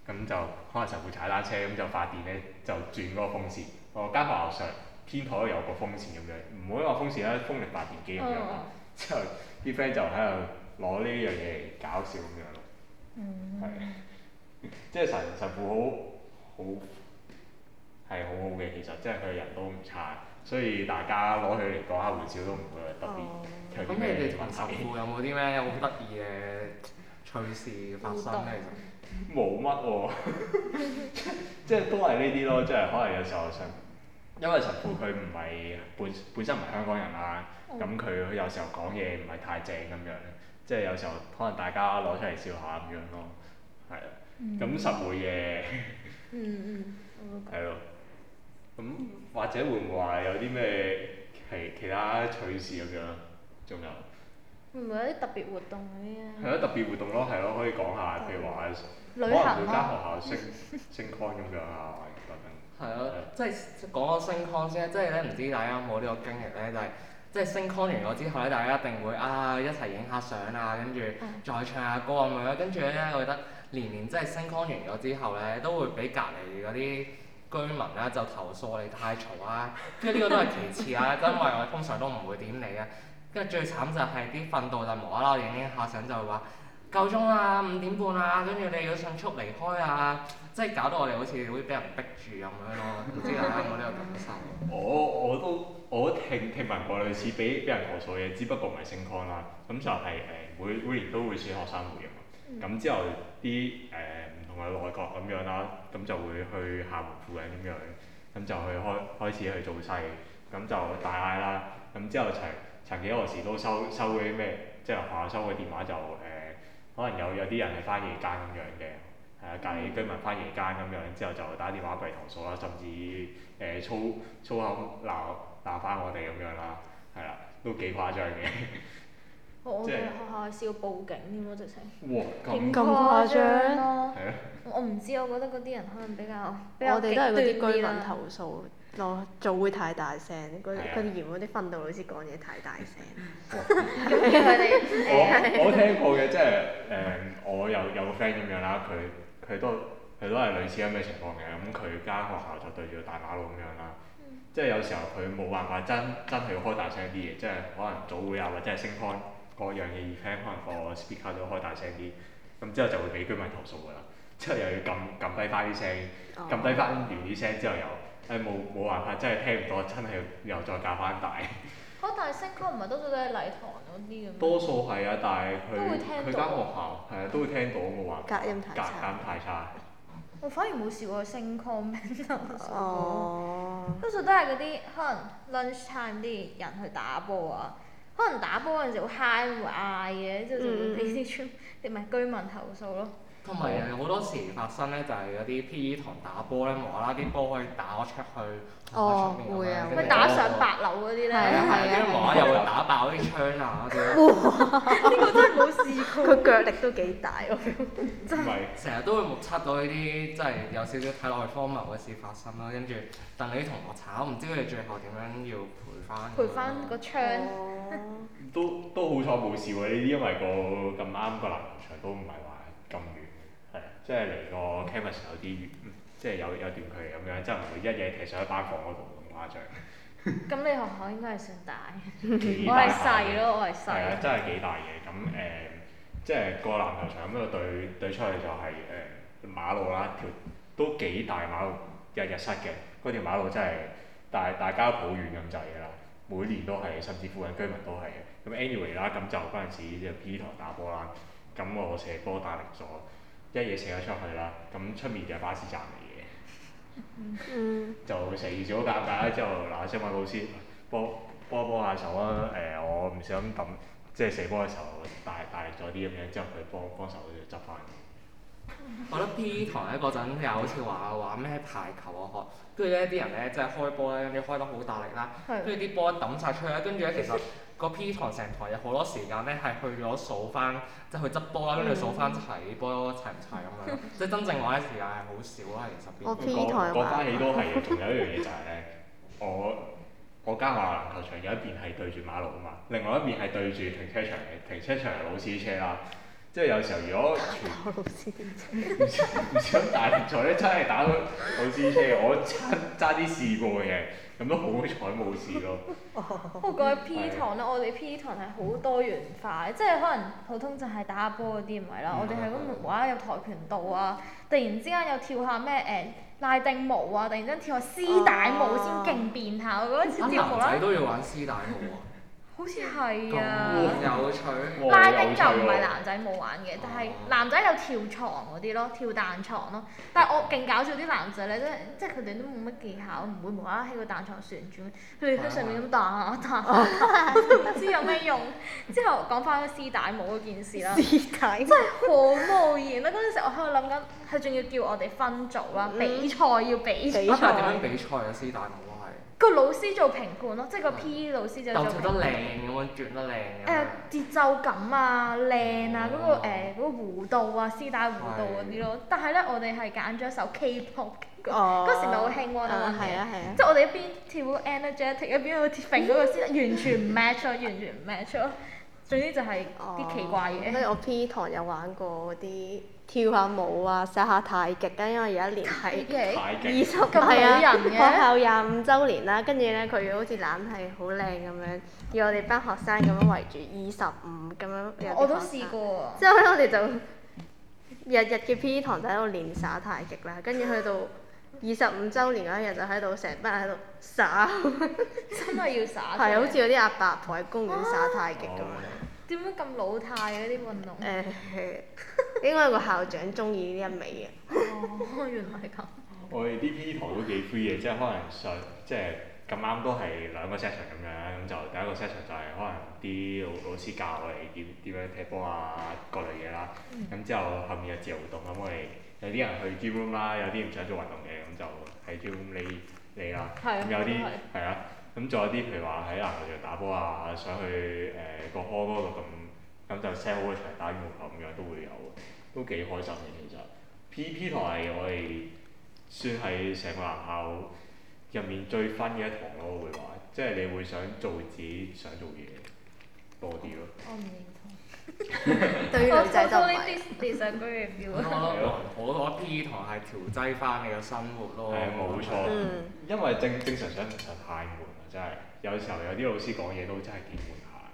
咁就可能神父踩單車咁就發電呢，就轉嗰個風扇。上我間學校上天台有個風扇咁樣，唔會話風扇咧、嗯、風力發電機咁樣。之後啲 friend 就喺度攞呢樣嘢嚟搞笑咁樣，係、嗯，即係神神父好好係好好嘅，其實即係佢人都唔差，所以大家攞佢嚟講下玩笑都唔會特別特別。咁你哋同神父有冇啲咩好得意嘅？嗯趣事發生，冇乜喎，即係、 啊、 都係呢啲咯，即係可能有時候，因為神父佢唔係本本身唔係香港人啊，咁佢、嗯、有時候講嘢唔係太正咁樣，即係有時候可能大家攞出嚟笑下咁樣咯，係啊，咁實會嘅，嗯，係咯，咁或者會唔會話有啲咩其其他趣事咁樣，仲有？唔係有啲特別活動嗰啲啊？係咯，特別活動咯，係咯，可以講下，譬如話可能同間學校升升 con 咁樣啊，等等。係咯，即係講緊升 con 先啊！即係咧，唔知大家有冇呢個經歷咧？就係即係升 con 完咗之後咧，大家一定會啊一齊影下相啊，跟住再唱下歌咁樣。跟住咧，我覺得年年即係升 con 完咗之後咧，都會俾隔離嗰啲居民咧就投訴你太嘈啊！即係呢個都係其次啊，因為我通常都唔會點你啊。跟住最慘就係啲訓導，就無啦啦影影下相，就會話夠鐘啦，五點半啦，跟住你要迅速離開啊！即係搞到我哋好似會俾人逼住咁樣咯。唔知大家有冇呢個感受？ 我我都我都聽聽聞過類似俾俾人攞數嘅，只不過唔係升 con 啦。咁就係誒每每年都會選學生會啊嘛。咁、嗯、之後啲誒唔同嘅內閣咁樣啦，咁就會去校門附近咁樣，咁就去開開始去做勢，咁就大嗌啦。咁之後除、就係曾幾何時都收收嗰啲咩，即係學校收嘅電話就誒、呃，可能有有啲人係返夜間咁樣嘅，係啊，隔離居民返夜間咁樣，之後就打電話嚟投訴啦，甚至誒、呃、粗粗口鬧鬧返我哋咁樣啦，係啊，都幾誇張嘅、喔。我哋學校係試過報警添喎，直情。哇！咁誇張。係咯、哦。嗯、我我唔知，我覺得嗰啲人可能比較。我哋都係嗰啲居民投訴。我早、哦、會太大聲，嗰嗰啲原本訓導老師講嘢太大聲，我我聽過嘅，即係呃、我有有個 friend 咁樣啦，佢佢都佢都係類似咁嘅情況嘅，咁佢間學校就對住大馬路咁樣啦，即係有時候佢冇辦法真真係要開大聲啲嘅，即係可能早會啊或者係升 con 嗰樣嘢，even 可能個 speaker 都開大聲啲，咁，嗯，之後就會俾居民投訴㗎啦，就是 oh. 之後又要撳撳低翻啲聲，撳低翻完啲聲之後又。誒冇冇辦法，真係聽唔到，真係又再教翻大。 嚇、哦！但係聲控唔係多數都係禮堂嗰啲咁。多數係啊，但係佢佢間學校係啊，都會聽到嘅話。都會聽到隔音太差，隔隔差。隔音太差。我反而冇試過聲控版啊。 哦。多數都係嗰啲可能 lunch time 啲人去打波啊，可能打波嗰陣時會嗨會嗌嘅，之後、嗯、就會俾啲村民唔係居民投訴咯。同埋好多時發生咧，就係嗰啲 P.E. 堂打波咧，無啦啦啲波可以打咗出去籃球場邊咁樣，打上八樓嗰啲咧，係啊係啊，跟住無啦又會打爆啲窗啊嗰啲。哇！呢個真係冇試過。佢腳力都幾大喎！唔係。成日都會目測到呢啲，即係有少少睇落去荒謬嘅事發生啦。跟住，但你啲同學炒，唔知佢哋最後點樣要賠翻。賠翻個窗。都都好彩冇事喎！呢啲因為個咁啱個籃球場都唔係話咁即係離個 campus 有啲遠，即係有有段距離咁樣，即係唔會一嘢踢上一班房嗰度咁誇張。咁 你學校應該係算大， 大 我係細咯，我係細。係啊，真係幾大嘅咁誒，即係個籃球場咁度，路對對出去就係、是、誒、呃、馬路啦，條都幾大馬路日日塞嘅，嗰條馬路真係大大家抱怨咁滯噶啦，每年都係甚至附近居民都係嘅。咁 anyway 啦，咁就嗰陣時就 P 堂打波啦，咁我射波大力咗。一嘢射咗出去啦，咁出面就係巴士站嚟嘅， 就四組夾夾，之後，嗱想問老師幫幫幫下手啦、啊，誒、呃、我唔小心即係射波嘅時候大大力咗啲咁樣，之後佢幫幫手執翻。我覺得 P 堂咧嗰陣又好似話話咩排球啊，學，跟住咧啲人咧即係開波咧，跟住開得好大力啦，跟住啲波一掟曬出去咧，跟住咧其實個 P 堂成台有好多時間咧係去咗數翻，即係去執波啦，跟住、嗯、數翻齊波齊唔齊咁樣， 即係真正玩嘅時間係好少，啦，其實。 我 P 堂啊。翻起都係，仲有一樣嘢就係咧，我我間學校籃球場有一邊係對住馬路啊嘛，另外一邊係對住停車場嘅停車場係老屎車啦。即係有時候，如果老唔想大聯賽咧，真係 打到老師車，我差差啲試過嘅。咁都好彩冇事咯。不過講起 P 堂啦是，我哋 P 堂係好多元化，即係可能普通就係打下波嗰啲唔係啦， 我哋係咁玩有跆拳道啊，突然之間又跳下咩誒拉丁舞啊，突然之間跳下絲帶舞先勁變態，啊、我覺得啲男仔都要玩絲帶舞啊。 好似係啊！拉丁 tacos, fame, 就唔係男仔冇玩嘅，但係男仔有跳床嗰啲咯，跳彈床咯。但係我勁搞笑啲男仔咧，即係即係佢哋都冇乜技巧，唔 會無啦啦喺個彈床旋轉，佢哋喺上面咁彈彈彈，唔知有咩用。之後、哎、uana 講翻個絲帶舞嗰件事啦 迫，真係好無言啦！嗰陣時我喺度諗緊，佢仲要叫我哋分組啦，比賽要比賽。點樣比，aime 比賽啊？絲帶舞？Hak im 個老師做評判咯，即係個 P.E. 老師就做評判。跳得靚咁樣，轉得靚咁樣。節奏感啊，靚啊，嗰、嗯嗰個誒、哦呃嗰個、弧度啊，絲帶弧度嗰啲咯。但係咧，我哋係揀咗一首 K-pop 嘅歌，嗰時咪好興咯，嗰陣嘢。嗯啊啊、即係我哋一邊跳 energetic，一邊去揈嗰個絲帶，嗯、完全唔 match 咯， 完全唔 match 咯。最啲就係啲奇怪嘢，咁咧我,我 P.E. 堂有玩過啲跳下舞啊、耍下太極啊，因為有一年 20, 太極，二十五係啊,啊 學校廿五周年啦，跟住咧佢好似懶係好靚咁樣，要我哋班學生咁樣圍住二十五咁樣。我都試過喎、啊。之後咧，我哋就日日嘅 P.E. 堂就喺度練耍太極啦、啊，跟住去到。二十五週年嗰一日就喺度成班人喺度耍， 真係要耍。係， 好似嗰啲阿伯喺公園耍太極咁樣。點解咁老態啊？啲運動？誒， 應該有個校長中意呢一味嘅、 哦。哦，原來係咁。 我哋啲 P 堂都幾 free 嘅， 即係可能上，即係咁啱都係兩個 set 場咁樣，咁就第一個 set 場就係可能啲老老師教我哋點點樣踢波啊各類嘢啦。咁、嗯、之後後面有自由活動咁我哋。有啲人去 gym 啦，有啲唔想做運動嘅咁就喺 gym 理理啦。咁、嗯、有啲係 啊，咁仲有啲譬如話喺籃球場打波啊，想去誒、呃、個波 l 度咁，咁就 set 好個場打羽毛球咁樣都會有，都幾開心嘅其實。P P 台係我哋算係成個學校入面最分嘅一堂咯，會話，即、就、係、是、你會想做自己想做嘢多啲咯。嗯 對女仔就唔係。我我，我 P.E. 堂係調劑翻你嘅生活咯、啊。係冇 錯。因為正正，正常上堂太悶啦，真係。有時候有啲老師講嘢都真係幾悶下。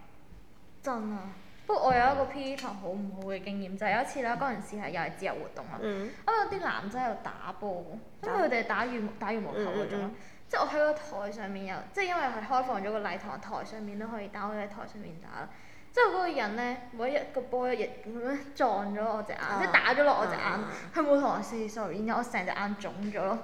真啊！不過我有一個 P.E. 堂好唔好嘅經驗，就係、是、有一次啦，嗰陣時係又係自由活動、嗯、啊。因為完完嗯。咁有啲男仔喺度打波，因咁佢哋打羽打羽毛球嗰種。即係我喺個台上面有，即係因為係開放咗個禮堂，台上面都可以打，我喺台上面打。之後嗰個人咧，每一日個波一日咁樣撞咗我隻眼，即係打咗落我隻眼，佢冇同我 say sorry，然後我成隻眼腫咗咯。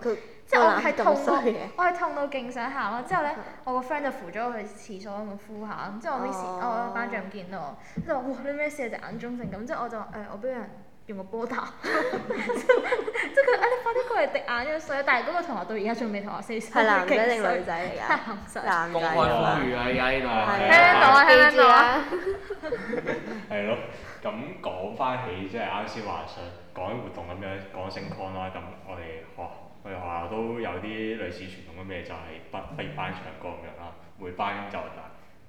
即係我係痛咯，我係痛到勁想喊咯。之後咧，我個 friend 就扶咗我去廁所咁呼喊。之後我 miss，我班長唔見到我，佢話：哇，你咩事啊？隻眼腫成咁。之後我就誒，我俾人用個波打，即係佢啊！你快啲過嚟滴眼藥水。但係嗰個同學到而家仲未同我 say sorry。係男仔定女仔嚟噶？男仔。公開風雨啊！依家依度。聽到啊！聽到啊！係咯，咁講翻起即係啱先話想講活動咁樣，講聲 con 啦。咁我哋學、哦、我哋學校都有啲類似傳統嘅咩，就係畢業班唱歌咁樣啦。每班就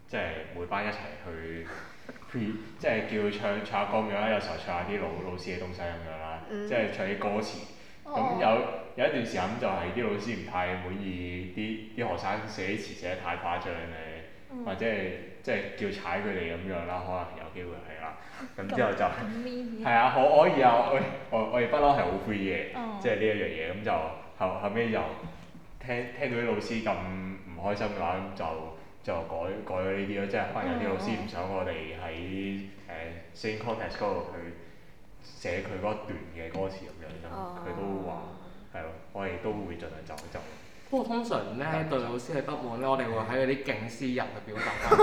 即係、就是、每一班一齊去，即、就、係、是、叫唱唱下歌咁樣啦。有時候唱下啲老老師嘅東西咁樣啦，即係、嗯、唱啲歌詞。咁、嗯、有有一段時間就係啲老師唔太滿意啲啲學生寫詞寫得太誇張咧，或者係。嗯即係叫踩佢哋咁樣啦，可能有機會係啦。咁之後就係 啊，可我可以又我我我亦、oh. 不嬲係好 free 嘅，即係呢一樣嘢。咁就後後屘又聽聽到啲老師咁唔開心嘅話，咁就就改改咗呢啲咯。即係可能有啲老師唔想我哋喺誒 sing contest 嗰度去寫佢嗰段嘅歌詞咁樣啫佢、oh. 都話係咯，我哋都會盡量就就。不過通常咧對老師係不滿咧，我哋會喺嗰啲敬師日去表達。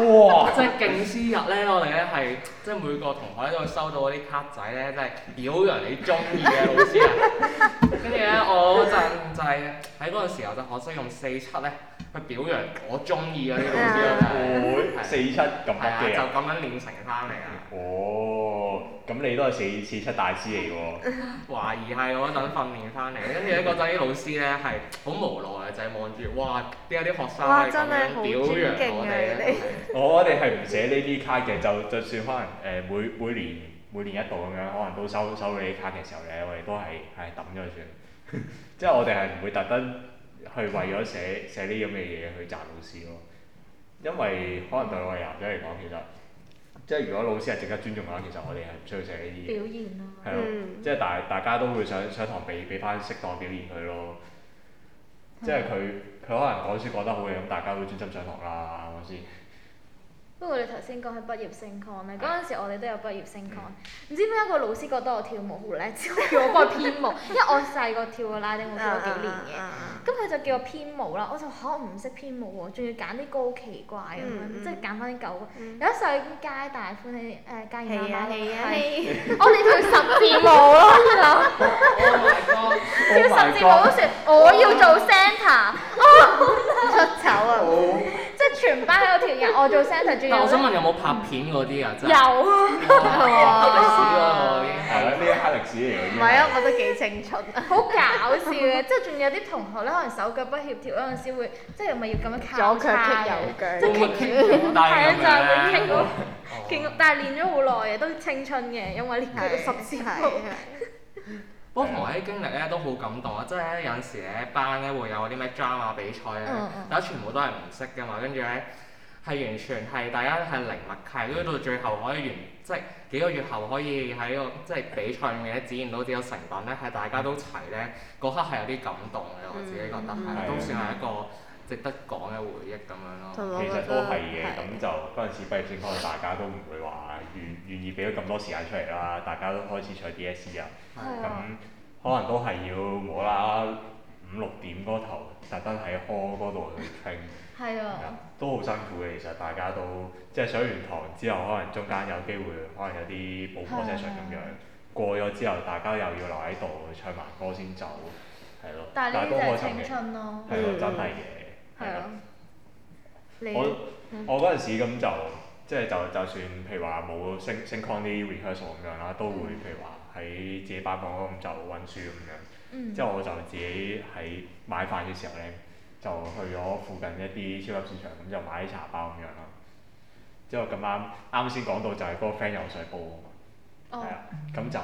哇！即係敬師日咧，我哋咧係即係每個同學咧都會收到嗰啲卡仔咧，即係表揚你中意嘅老師啊。跟住咧，我嗰陣就係喺嗰陣時候就學識用四七咧。佢表揚我中意嗰啲老師啊，四七咁乜就咁樣練成翻嚟啊！哦，咁你都係四四七大師嚟喎？ 懷疑係嗰陣訓練翻嚟，跟住咧嗰陣啲老師咧係好無奈，就係望住，哇！點解啲學生係咁樣表揚我哋？我我哋係唔寫呢啲卡嘅，就就算可能誒每每年每年一度咁樣，可能都收收到啲卡嘅時候咧，我哋都係係抌咗佢算，即係 我哋係唔會特登。去為咗寫寫啲咁嘅嘢去賺老師咯，因為可能對我哋男仔嚟講，其實即係如果老師係值得尊重嘅話，其實我哋係唔需要寫呢啲嘢。表現演、啊、咯，嗯、即係大大家都會想上上堂俾俾翻適當表現佢咯，即係佢佢可能講書講得好嘅，咁大家都專心上堂啦，老師。不過你頭先講係畢業 Sing Con 咧，嗰陣時我哋都有畢業 Sing Con，唔知點解個老師覺得我跳舞好叻，叫我教編舞。因為我細個跳過拉丁舞，跳咗幾年嘅。咁佢就叫我編舞啦，我就嚇唔識編舞喎，仲要揀啲歌好奇怪咁樣，即係揀翻啲舊歌。有一世皆大歡喜，誒家燕媽媽。係啊你？啊。我哋跳十字舞咯，跳十字舞我都說我要做 center，出醜啊！全班喺度填入，我做 centre。我想問有冇拍片嗰啲啊？有。歷史咯，已經係啦，呢一刻歷史嚟唔係啊，我都幾青春。好 搞笑嘅，即係仲有啲同學咧，可能手腳不協調，有陣時會即係係咪要咁樣交叉，右腳，即係傾。係啊，就係會傾咯，傾， 但係練咗好耐嘅，都青春嘅，因為練佢嘅手指我同我啲經歷咧都好感動啊！即係咧有時咧班咧會有啲咩 drama 比賽咧，大家、嗯、全部都係唔識㗎嘛，跟住咧係完全係大家係零默契，跟住、嗯、到最後可以完，即係幾個月後可以喺個即係比賽裏面咧展現到自己嘅成品咧，係大家都齊咧，嗰刻係有啲感動嘅，嗯、我自己覺得係、嗯、都算係一個。值得講嘅回憶咁樣咯，其實都係嘅。咁就嗰陣時畢業先開始大家都唔會話願願意俾咗咁多時間出嚟啦。大家都開始上 D S E 啊，咁可能都係要冇啦五六點嗰頭，特登喺科嗰度去傾，係啊，都好辛苦嘅。其實大家都即係上完堂之後，可能中間有機會，可能有啲補課 session 咁樣過咗之後，大家又要留喺度唱埋歌先走，係咯，但係都開心嘅，咯，係咯，真係嘅。係啊，我你我嗰陣時咁就即係就係、就算譬如話冇聲 聲腔啲 rehearsal 咁樣啦，都會譬如話喺自己班房咁就温書咁樣。嗯、之後我就自己喺買飯嘅時候呢，就去咗附近一啲超級市場咁就買啲茶包咁樣啦。之後咁啱啱先講到就係嗰個 friend 有水煲啊嘛，係啊、哦，咁就。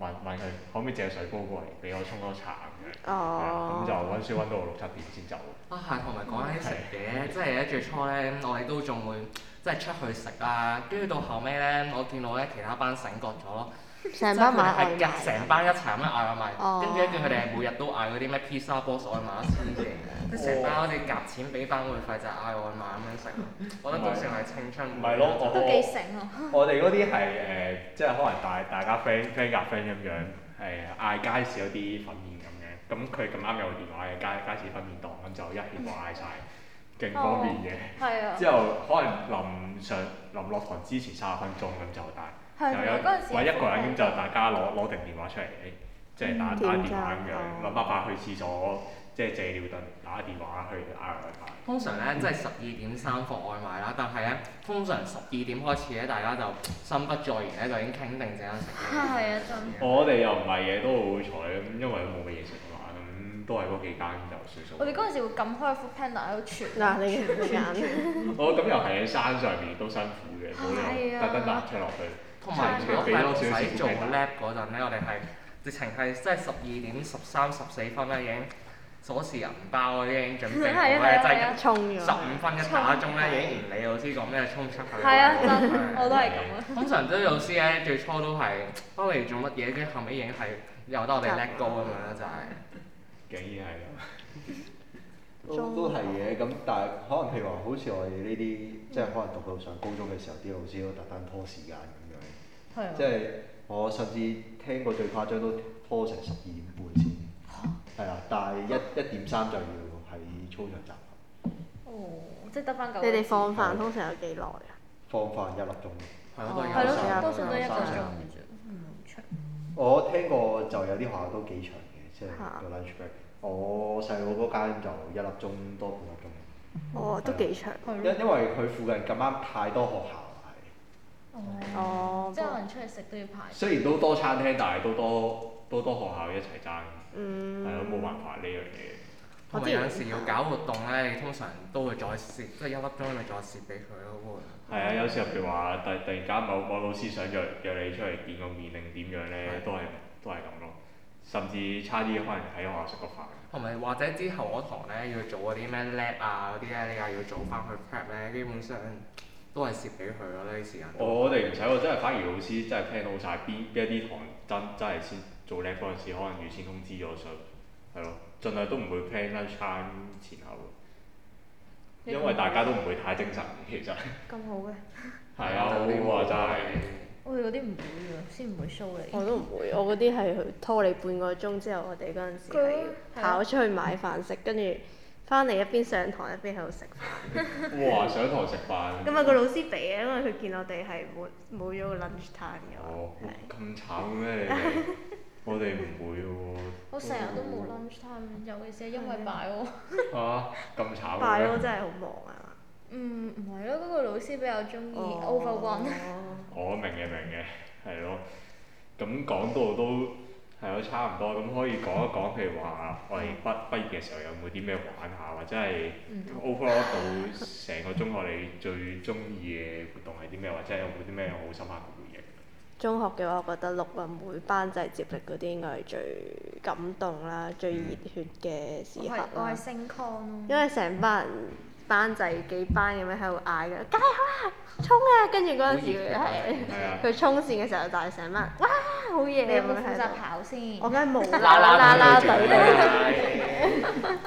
問問佢可唔可以借水煲過嚟俾我沖多茶咁樣，咁、oh。嗯嗯、就温書温到六七點先走。啊係，同埋講起食嘢，即係咧最初咧，我哋都仲會即係出去食啊，跟住到後尾咧，我見到咧其他班醒覺咗咯，成班買外賣，成班一齊咁樣嗌外賣，跟住一叫佢哋係每日都嗌嗰啲咩 pizza box 外賣啊之類嘅。成班我哋夾錢俾翻會費就嗌外賣咁樣食，我覺得都算係青春，唔係囉，都幾醒啊！我哋嗰啲係誒，即係可能大大家 friend，friend 夾 friend 咁樣誒嗌街市嗰啲粉麵咁樣，咁佢咁啱有電話嘅街街市粉麵檔，咁就一氣過嗌晒，勁方便嘅。之後可能臨上臨落堂之前三十分鐘咁就大，又有或者一個人咁就大家攞攞定電話出嚟，誒即係打打電話咁樣，諗辦法去廁所。即係借尿遁打電話去嗌人去派。通常咧，即係十二點三放外賣啦。但係咧，通常十二點開始咧，大家就心不在焉咧，就已經傾定咗先。係啊，就。我哋又唔係嘢都會採咁，因為都冇乜嘢食嘅話，咁都係嗰幾間就算數。我哋嗰陣時會撳開 foodpanda 喺度傳嗱，你傳。我咁又係喺山上邊都辛苦嘅，冇得噔噔噔跌落去。同埋我喺度使做 lab 嗰陣咧，我哋係直情係即係十二點十三十四分咧已經。鎖匙銀包嗰啲已經準備好，係啊即係，十五分一打鐘咧已經唔理老師講咩，衝出去。係啊，我都係咁。通常啲老師咧最初都係，返嚟做乜嘢？跟住後尾已經係由得我哋叻哥咁樣，就係竟然係咁，都都係嘅。咁但係可能譬如話，好似我哋呢啲，即係可能讀到上高中嘅時候，啲老師都特登拖時間咁樣。即係我甚至聽過最誇張都拖成十二點半先。係啊，但係一一點三就要喺操場集合。哦，即係得翻咁。你哋放飯通常有幾耐啊？放飯一粒鐘，係，我都係一粒鐘。係咯，多數都一粒鐘，唔長。我聽過就有啲學校都幾長嘅，即係 lunch break。我細個嗰間就一粒鐘多半粒鐘。哦，都幾長。因因為佢附近咁啱太多學校係。哦。即係可能出去食都要排。雖然都多餐廳，但係都多都多學校一齊爭。係咯，冇辦法呢樣嘢。同埋有時要搞活動咧，你通常都會再蝕，即係一粒鐘咪再蝕俾佢咯。會係啊，有時入邊話突突然間某某老師想約約你出嚟見個面定點樣咧，都係都係咁咯。甚至差啲可能喺學校食個飯。同埋或者之後嗰堂咧要做嗰啲咩 lab 啊嗰啲咧，你又要早翻去 prep 咧，基本上都係蝕俾佢咯啲時間。我哋唔使喎，真係反而老師真係聽到晒，邊邊一啲堂真真係先。做靚嗰陣時，可能預先通知咗，就係咯，盡量都唔會 plan lunch time 前後，因為大家都唔會太精神，其實。咁好嘅。係 啊，好啲話真係。我哋嗰啲唔會㗎，先唔會 show 你。我都唔會，我嗰啲係拖你半個鐘之後，我哋嗰陣時嚟跑出去買飯食，跟住翻嚟一邊上堂一邊喺度食飯。 哇！上堂食飯。咁為 個老師俾啊，因為佢見我哋係冇冇咗個 lunch time 㗎嘛。咁、哦、對慘咩？ 我哋唔會喎、哦，我成日都冇 lunch time，尤其是因為擺攞 、啊。咁慘嘅咩？ 真係好忙啊！嗯，唔係咯，不、那、過、個、老師比較中意 over one。Oh, 我明嘅明嘅，係咯。咁講到都係咯，差唔多。咁可以講一講，譬如話我哋畢畢業嘅時候有冇啲咩玩下，或者係 over one 到成個中學你最中意嘅活動係啲咩， 或者有冇啲咩好深刻嘅？中學嘅話，我覺得陸運會班際接力嗰啲應該係最感動啦，嗯、最熱血嘅時刻咯。因為成班班仔幾班咁樣喺度嗌嘅，加油啊！衝啊！跟住嗰陣時，佢係佢衝線嘅時候，就帶成班哇好嘢！你有冇負責跑先？我梗係無啦啦啦啦隊。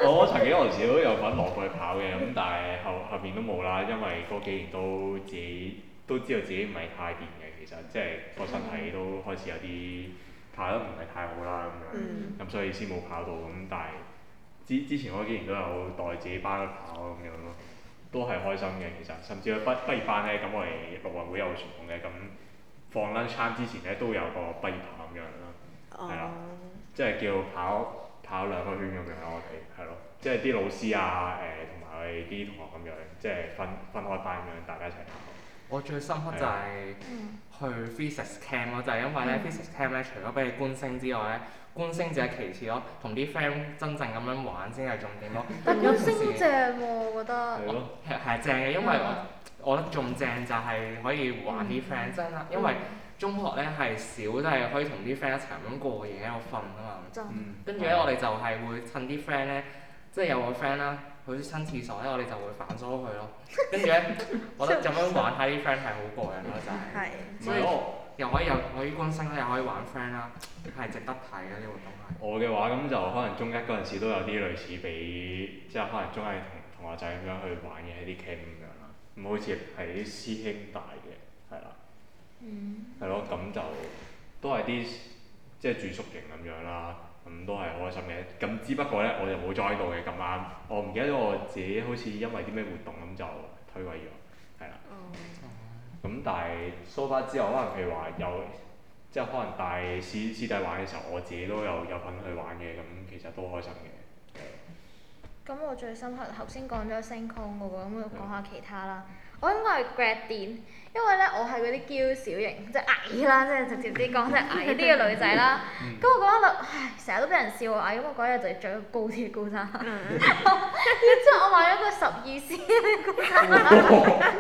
我曾經好都有份攔去跑嘅，咁但係後後邊都冇啦，因為嗰幾年都自己都知道自己唔係太掂嘅。即係個身體都開始有啲跑得唔係太好啦，咁、mm hmm. 樣咁所以先冇跑到咁，但係之之前嗰幾年都有代自己班去跑咁樣咯，都係開心嘅其實，甚至去畢畢業班咧，咁我哋陸運會有傳統嘅咁，放 lunch time 之前咧都有個畢業跑咁樣咯，係啦、uh，即係、就是、叫跑跑兩個圈咁樣，我哋係咯，即係啲老師啊，誒同埋我哋啲同學咁樣，即、就、係、是、分分開班咁樣，大家一齊跑。我最深刻就係。了去 physics camp 咯，就係因為咧 physics、mm. camp 咧，除咗俾你觀星之外咧，觀星只係其次咯，同啲 friend 真正咁樣玩先係重點咯。但有觀星正喎， 我覺得係咯了，正嘅，因為我 我覺得仲正就係可以玩啲 friend、嗯、真啦，因為中學咧係少真係可以同啲 friend 一齊咁過夜喺度瞓啊嘛。跟住咧，我哋就係會趁啲 friend 咧，即、就、係、是、有個 friend 啦。好似新廁所咧，我哋就會反鎖佢咯。跟住咧， 我覺得咁樣玩下啲 friend 係好過癮咯，就係。係。所以又可以 又可以觀星啦，又可以玩 friend 啦，係值得睇嘅啲活動。我嘅話咁就可能中一嗰陣時都有啲類似比，即係可能中一同同學仔咁樣去玩嘅呢啲 camp 咁樣啦，唔好似係啲師兄大嘅，係啦。嗯。係咯，咁就都係啲即係住宿型咁樣啦。咁、嗯、都係開心嘅，咁只不過呢，我就冇栽到嘅咁啱，我唔記得咗我自己好似因為啲咩活動咁就推位咗，係啦。哦、嗯。咁、嗯、但係 so far 之後，可能譬如話有，即係可能帶師師弟玩嘅時候，我自己都有有份去玩嘅，咁、嗯、其實都開心嘅。咁我最深刻頭先講咗星空嘅喎，咁講下其他啦。我應該係腳墊，因為咧我係嗰啲嬌小型，即係矮啦，即係直接啲講，即係矮啲嘅女仔啦。咁我覺得唉，成日都俾人笑我矮，咁我嗰日就著高啲高踭然之後我買咗個十二 cm 嘅高踭，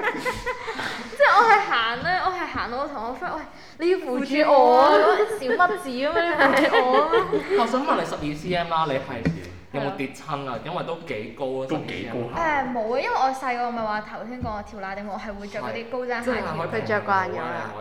即係我係行咧，我係行到我同我 friend 喂，你要扶住我啊，咁小蚊子咁嘛，扶我啊嘛。我想問你十二 cm 啦，你係有冇跌親啊？因為都幾高啊，都幾高下。冇啊、嗯，因為我細個咪話頭先講我跳拉丁舞，我係會着嗰啲高踭鞋嘅，佢著慣咗啦。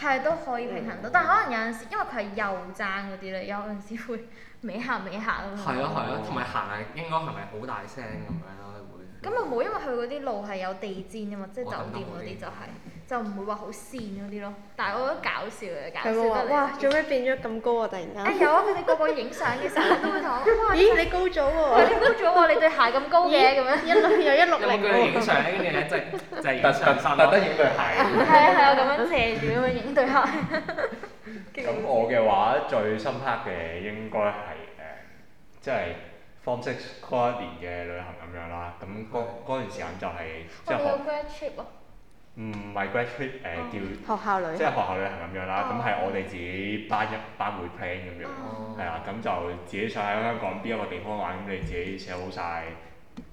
係都可以平衡到，嗯、但係可能有陣時，因為佢係幼踭嗰啲咧，有陣時會尾下尾下咁樣。係啊係啊，同埋行係應該係咪好大聲咁樣啦會？咁又冇，因為佢嗰啲路係有地氈啊嘛，即係酒店嗰啲就係、是。就唔會話好跣嗰啲咯，但係我覺得搞笑嘅，搞笑得哇！做咩變咗咁高啊？突然間誒有啊！佢哋個個影相嘅時候都會講：咦，你高咗喎！你高咗喎！你對鞋咁高嘅，咁樣一六有一六零。咁影相咧，嗰啲咧真係特係特登影對鞋啊！係啊係啊，咁樣斜住咁樣影對鞋。咁我嘅話最深刻嘅應該係誒，即係方式嗰一年嘅旅行咁樣啦。咁嗰嗰段時間就係即係。我唔係、mm, graduate 誒、uh, oh, 叫學校旅行，即係學校旅行咁樣啦。咁係、oh. 我哋自己班一班會 plan 咁樣，係啊、oh。咁就自己想喺香港邊一個地方玩，咁你自己寫好晒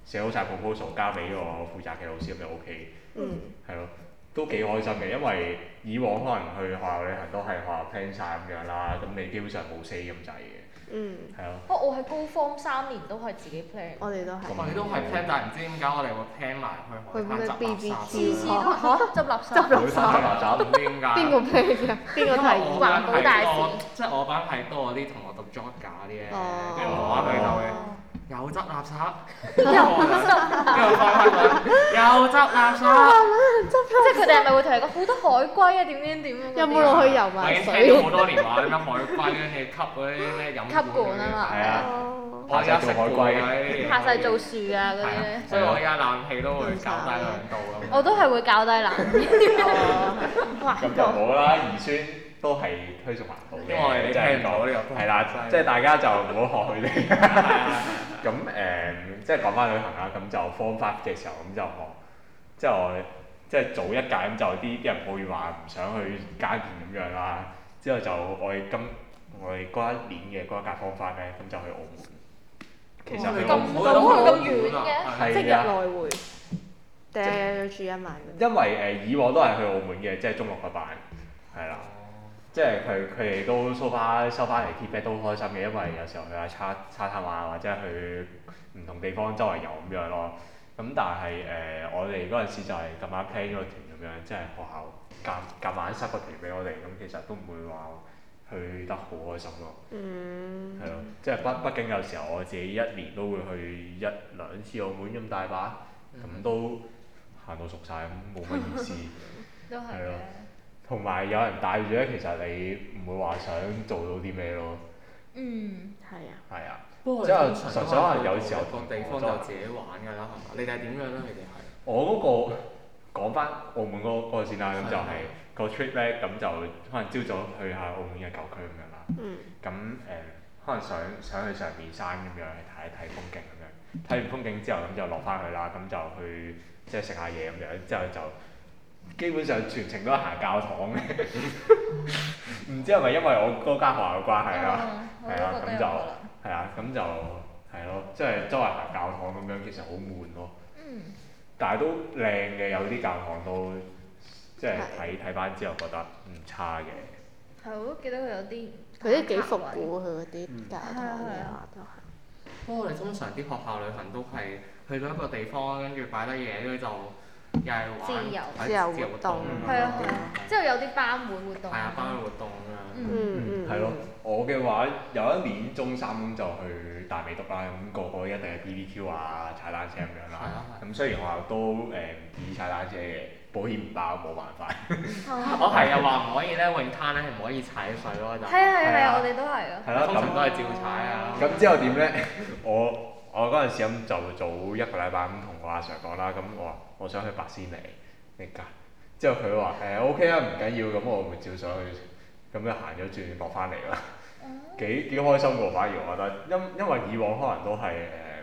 寫好晒 proposal 交俾個負責嘅老師咁就 OK。嗯。係咯，都幾開心嘅，因為以往可能去學校旅行都係學校 plan 晒咁樣啦，咁你基本上冇 say 咁滯嘅。嗯，係咯。我我係高方三年都係自己 plan。我哋都係。我哋都係 plan，但係唔知點解我哋會 plan 埋去執垃圾。次次都學執垃圾。邊個 plan 嘅？邊個提案？冇大事。即係我班係多啲同學讀 journal 啲嘢，我可以溝佢。有執垃圾，又執，又放開，又執垃圾，即係佢哋係咪會同人講好多海龜啊？點點點啊？有冇落去遊埋水？已經聽咗好多年話咩海龜跟住吸嗰啲咩飲吸管啊嘛，係啊，我而家食海龜，爬曬種樹啊嗰啲，所以我而家冷氣都會校低兩度咯。我都係會校低冷氣。咁就好啦，兒孫。都係推崇環保嘅，因為你聽到呢個。係啦，即係大家就唔好學佢哋。咁誒，即係講翻旅行啦。咁就 form five 嘅時候，咁就學。之後，即係早一屆，咁就啲啲人抱怨話唔想去加健咁樣啦。之後就我哋今我哋嗰一年嘅嗰一屆 form five 咧，咁就去澳門。其實咁咁去到遠嘅，即日來回，定住一晚？因為誒以往都係去澳門嘅，即係中六個班，係啦。即係佢佢哋都收翻收翻嚟 keep fit 都開心嘅，因為有時候去下沙沙灘玩，或者去唔同地方周圍遊咁樣咯。咁但係誒、呃，我哋嗰陣時就係咁啱 plan 咗個團咁樣，即係學校夾夾硬塞個團俾我哋，咁其實都唔會話去得好開心咯。嗯。係咯，即係畢畢竟有時候我自己一年都會去一兩次澳門咁大把，咁、嗯、都行到熟晒，咁冇乜意思。都係同埋有，有人帶住咧，其實你唔會話想做到啲咩咯。嗯，係啊。係啊。之後實，實在可能有時候地方就自己玩㗎啦，係嘛、嗯？啊、你哋點樣咧？你哋係？我嗰個講翻澳門嗰嗰條線啦，咁就係、是啊、個 trip 咧，咁就可能朝早去下澳門嘅舊區咁樣啦。嗯。咁誒、呃，可能想想去上面山咁樣去睇一睇風景咁樣。睇完風景之後咁就落翻去啦，咁就去即係食下嘢咁樣，之後就。基本上全程都行教堂嘅，唔知係咪因為我嗰間學校嘅關係啦。係啊，咁就係啊，咁、嗯、就係咯，即係周圍行教堂咁樣，其實好悶咯。但係都靚嘅，有啲教堂都，即係睇睇翻之後覺得唔差嘅。係，我都記得佢有啲，佢啲幾復古佢嗰啲教堂啊，都係。我哋、哦、通常啲學校旅行都係去到一個地方，跟住擺低嘢，跟住就。又係自由自由活動，係啊係，之後有啲班會活動，係啊班會活動啊，嗯嗯，係咯，我嘅話有一年中三就去大尾篤啦，咁個個一定係 BBQ 啊、踩單車咁樣啦，咁雖然我都誒唔建議踩單車嘅，保險唔包冇辦法，我係啊話唔可以咧，泳灘咧係唔可以踩水咯就，係啊係啊啊，我哋都係咯，係咯通常都係照踩啊，咁之後點咧？我我嗰陣時咁就早一個禮拜咁同我阿 sir 講啦，咁我話。我想去白仙嶺，你噶？之後佢話誒 OK 啦、啊，唔緊要，咁、嗯、我咪照上去，咁樣行咗轉，落翻嚟啦，幾幾開心喎！反而我覺得，因因為以往可能都係誒、呃、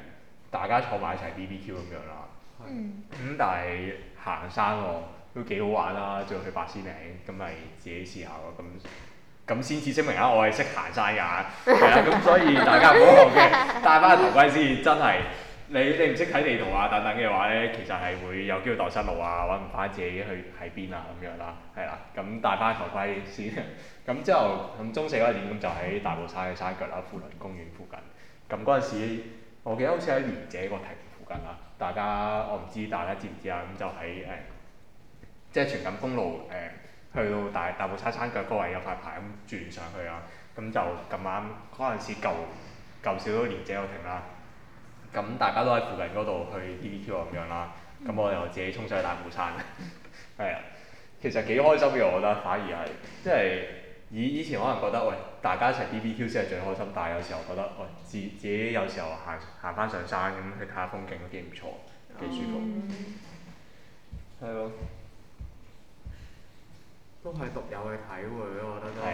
大家坐埋一齊 BBQ 咁樣啦，咁、嗯嗯、但係行山喎、啊、都幾好玩啦、啊，仲要去白仙嶺，咁、嗯、咪自己試下咯，咁咁先至證明啊，明下我係識行山噶，係啊， 咁所以大家唔好忘記，帶翻頭盔先，真係。你你唔識睇地圖啊等等嘅話咧，其實係會有機會蕩失路啊，揾唔翻自己去喺邊啊咁樣啦、啊，係啦。咁戴翻頭盔先。咁 之後咁中四嗰年咁就喺大帽山嘅山腳啦、啊，扶輪公園附近。咁嗰陣時，我記得好似喺蓮姐個亭附近啦、啊。大家我唔知，大家知唔知啊？咁就喺誒，即、呃、係、就是、荃錦公路誒、呃，去到大大帽山山腳嗰位有塊牌咁轉上去啊。咁就咁啱嗰陣時舊舊少少蓮姐個亭啦、啊。咁大家都喺附近嗰度去 BBQ 咁樣啦，咁我又自己沖上去大富山，係 啊，其實幾開心嘅我覺得，反而係，即係以以前可能覺得喂，大家一齊 BBQ 先係最開心，但係有時候覺得喂，自自己有時候行行翻上山咁去睇下風景都幾唔錯，幾、um, 舒服，係咯，都係獨有嘅體會咯，我覺得。都係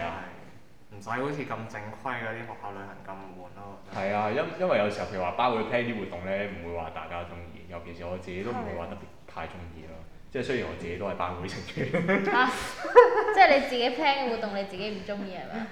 唔使好似咁正規嘅啲學校旅行咁悶咯。係啊、嗯，因、嗯、因為有時候譬如話班會 plan 啲活動咧，唔會話大家中意，尤其是我自己都唔會話特別太中意咯。即係雖然我自己都係班會成員、啊，即係你自己 plan 嘅活動你自己唔中意係咪？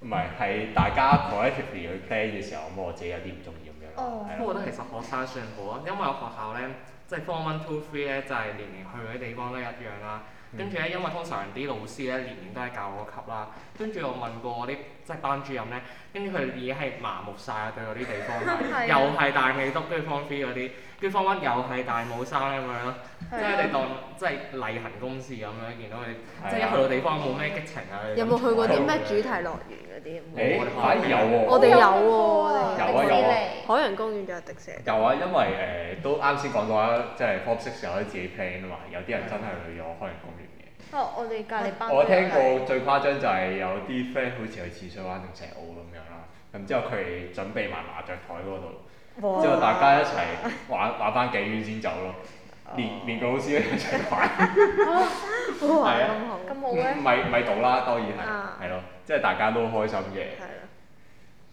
唔係喺大家 cohesively、啊啊、去 plan 嘅時候咁、嗯，我自己有啲唔中意咁樣。哦、oh。不過我覺得其實學生算好啊，因為我學校咧即係 form one two three 咧，就係年年，年去啲地方都一樣啦。嗯、跟住咧，因為通常啲老師咧年年都係教我級啦。跟住我問過啲即係班主任咧，跟住佢哋已經係麻木曬對嗰啲地方，啊、又係大美督，跟住 Form Three 嗰啲，跟住 Form One 又係大帽山咁樣咯。即係你哋當即係例行公事咁樣，見到佢哋即係一去到地方冇咩激情啊！啊有冇去過啲咩主題樂園嗰啲？誒嚇、欸、有喎、欸啊啊，我哋有喎、啊，有啊有啊，海洋公園仲有迪士尼。有啊，因為誒都啱先講到啦，即係 Form Six 時候都自己 plan 啊嘛，有啲人真係去咗海洋公園。我哋隔離班，我聽過最誇張就係有啲 friend 好似去淺水灣定石澳咁樣啦，咁之後佢哋準備埋麻雀枱嗰度，之後大家一齊玩玩翻幾圈先走咯，連連個老師都一齊玩，係啊，咁好，咪咪賭啦，當然係，係咯，即係大家都開心嘅。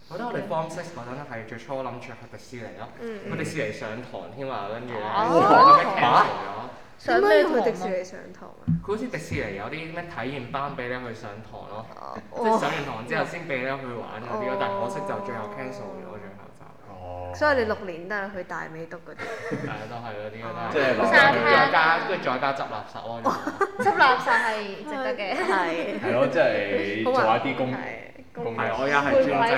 我覺得我哋幫 sex 嗰陣係最初諗住去迪士尼咯，迪士尼上堂添啊，跟住做咩去迪士尼上堂啊？佢好似迪士尼有啲咩體驗班俾你去上堂咯，即係上完堂之後先俾你去玩。比較但可惜就最後 cancel 咗最後集。哦。所以你六年都係去大尾督嗰啲。係都係嗰啲即係六年再加，跟住再加執垃圾。執垃圾係值得嘅。係。係咯，即係做一啲工。係我而家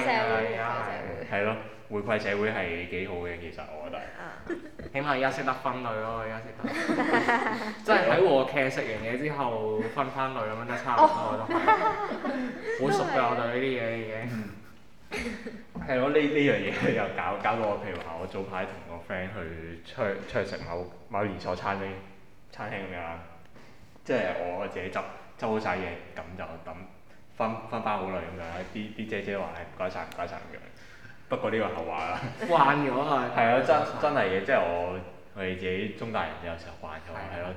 係。係咯。回饋社會係幾好嘅，其實我覺得。嗯。起碼又識得分類咯，又識得。即係喺和劇食完嘢之後分翻類，咁樣都差唔多我覺得。好熟㗎，我對呢啲嘢已經。嗯。係咯，呢呢樣嘢又搞搞到我譬如話。我早排同個 friend 去出出去食某某連鎖餐廳餐廳㗎，即係我自己執執好曬嘢，咁就等分分翻好類咁樣，啲啲姐姐話係唔該晒唔該晒咁樣。不過呢個後話啦， 慣咗係。係啊， 真真係嘅，即係 我我哋自己中大人，有時候慣咗係咯。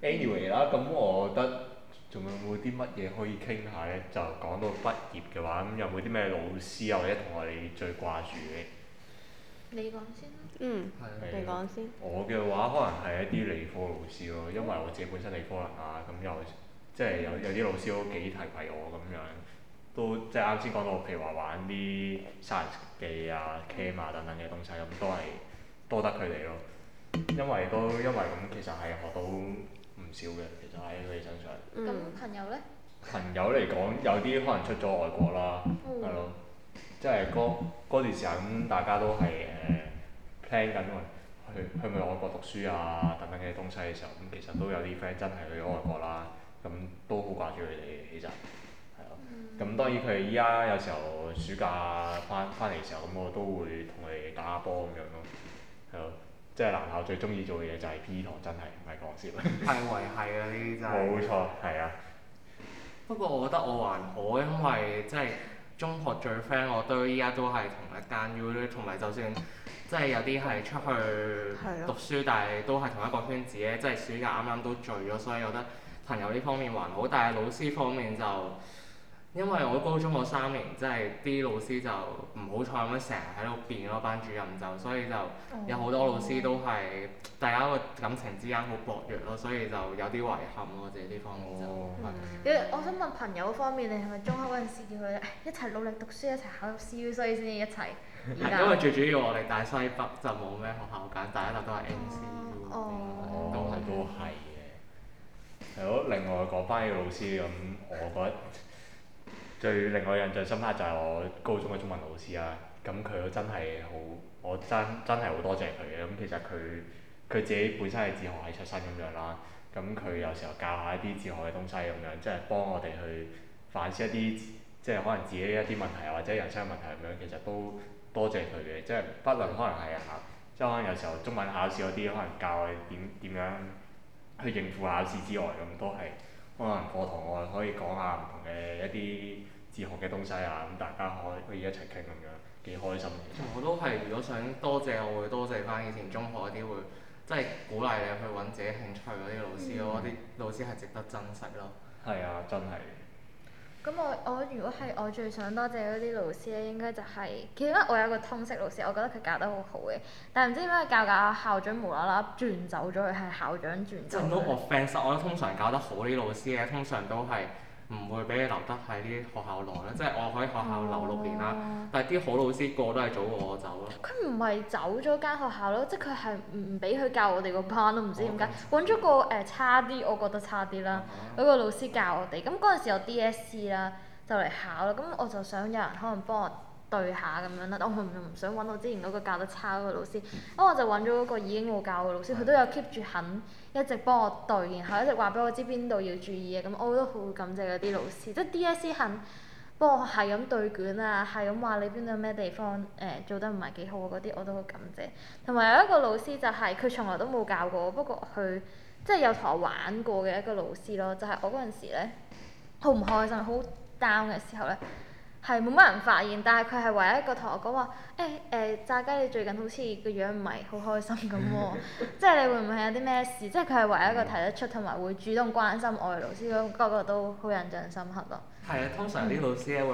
Anyway 啦，咁我覺得仲有冇啲乜嘢可以傾下呢？就講到畢業嘅話，咁有冇啲咩老師啊，或者同我哋最掛住嘅？你講先啦，對嗯，你講先。我嘅話可能係一啲理科老師咯，因為我自己本身理科人啊，咁又即係有、就是、有啲老師都幾提攜我咁樣。都即係啱先講到，譬如話玩啲三 D 啊、Cam 啊等等嘅東西，咁都係多得佢哋咯。因為都因為咁，其實係學到唔少嘅，其實喺佢哋身上。咁、嗯、朋友呢？朋友嚟講，有啲可能出咗外國啦，係咯、嗯，即係嗰嗰段時間，咁大家都係 plan 緊，去去唔去外國讀書啊等等嘅東西嘅時候，咁其實都有啲 friend 真係去咗外國啦，咁都好掛住佢哋，嘅。其實。咁當然佢哋依家有時候暑假翻翻嚟嘅時候，咁我都會同佢哋打下波咁樣咯，係咯，即係男校最中意做嘅嘢就係 P 堂，真係唔係講笑。係維係啊！呢啲真係。冇錯，係啊。不過我覺得我還好，因為即係中學最 friend，我都依家都係同一間 U，同埋就算即係有啲係出去讀書，但係都係同一個圈子，即係、即係、暑假啱啱都聚咗，所以我覺得朋友呢方面還好，但係老師方面就～因為我高中嗰三年即係啲老師就唔好彩咁樣成日喺度變咯，班主任就所以就有好多老師都係大家個感情之間好薄弱咯，所以就有啲遺憾咯，就係呢方面就係。哦的嗯、我想問朋友方面，你係咪中學嗰陣時叫佢一齊努力讀書，一齊考入 CU，所以先至一齊？ 因為最主要我哋大西北就冇咩學校揀，但係都係 N C 都係是、哦、都係嘅。係咯、嗯，另外嗰班嘅老師咁，我覺得。最令我印象深刻就係我高中嘅中文老師啊，咁、嗯、佢真係好，我真真係好多謝佢嘅。咁、嗯、其實佢佢自己本身係自學嘅出身咁樣啦、啊，咁、嗯、佢有時候教一下一啲自學嘅東西咁樣，即、就、係、是、幫我哋去反思一啲即係可能自己一啲問題啊，或者人生嘅問題咁樣，其實都多謝佢嘅。即、就、係、是、不論可能係考，即、就、係、是、可能有時候中文考試嗰啲可能教我哋點點樣去應付考試之外咁、嗯，都係。可能課堂外可以講下唔同嘅一啲哲學嘅東西啊，咁大家可可以一齊傾，咁樣幾開心嘅。我都係，如果想多謝，我會多謝翻以前中學嗰啲會，即係鼓勵你去揾自己興趣嗰啲老師，嗯、我啲老師係值得珍惜咯。係啊，真係。咁我我如果係我最想多謝嗰啲老師咧，應該就係、是，其實我有個通識老師，我覺得佢教得好好嘅，但係唔知點解教教校長無啦啦轉走咗佢，係校長轉走。唔好 offence，我覺得通常教得好啲老師咧，通常都係。唔會俾你留得喺啲學校耐咧，即係我喺以學校留六年啦，哦、但係啲好老師個個都係早過我走咯。佢唔係走咗間學校咯，即佢係唔唔俾佢教我哋的個班咯，唔、呃、知點解揾咗個誒差啲，我覺得差啲啦，嗰、嗯、哼個老師教我哋。咁嗰陣時有 DSE 啦，就嚟考啦，咁我就想有人可能幫我對下咁樣啦，我唔唔想揾到之前嗰個教得差嗰個老師，咁我就揾咗嗰個已經冇教嘅老師，佢都有 keep 住肯。嗯一直幫我對，然後一直話俾我知邊度要注意啊！咁我都好感謝嗰啲老師，即係 DSE 肯幫我係咁對卷啊，係咁話你邊度有咩地方誒、呃、做得唔係幾好啊嗰啲我都好感謝。同埋有一個老師就係佢從來都冇教過我，不過佢即係有同我玩過嘅一個老師咯。就係、是、我嗰陣時咧，好唔開心，好 down 嘅時候咧。係冇乜人發現，但係佢係唯一一個同我講話，誒、欸、誒、呃、炸雞，你最近好似個樣唔係好開心咁喎、哦， 即係你會唔會有啲咩事？即係佢係唯一一個提得出同埋會主動關心我嘅老師，咁嗰個都好印象深刻咯。係啊，通常啲老師咧會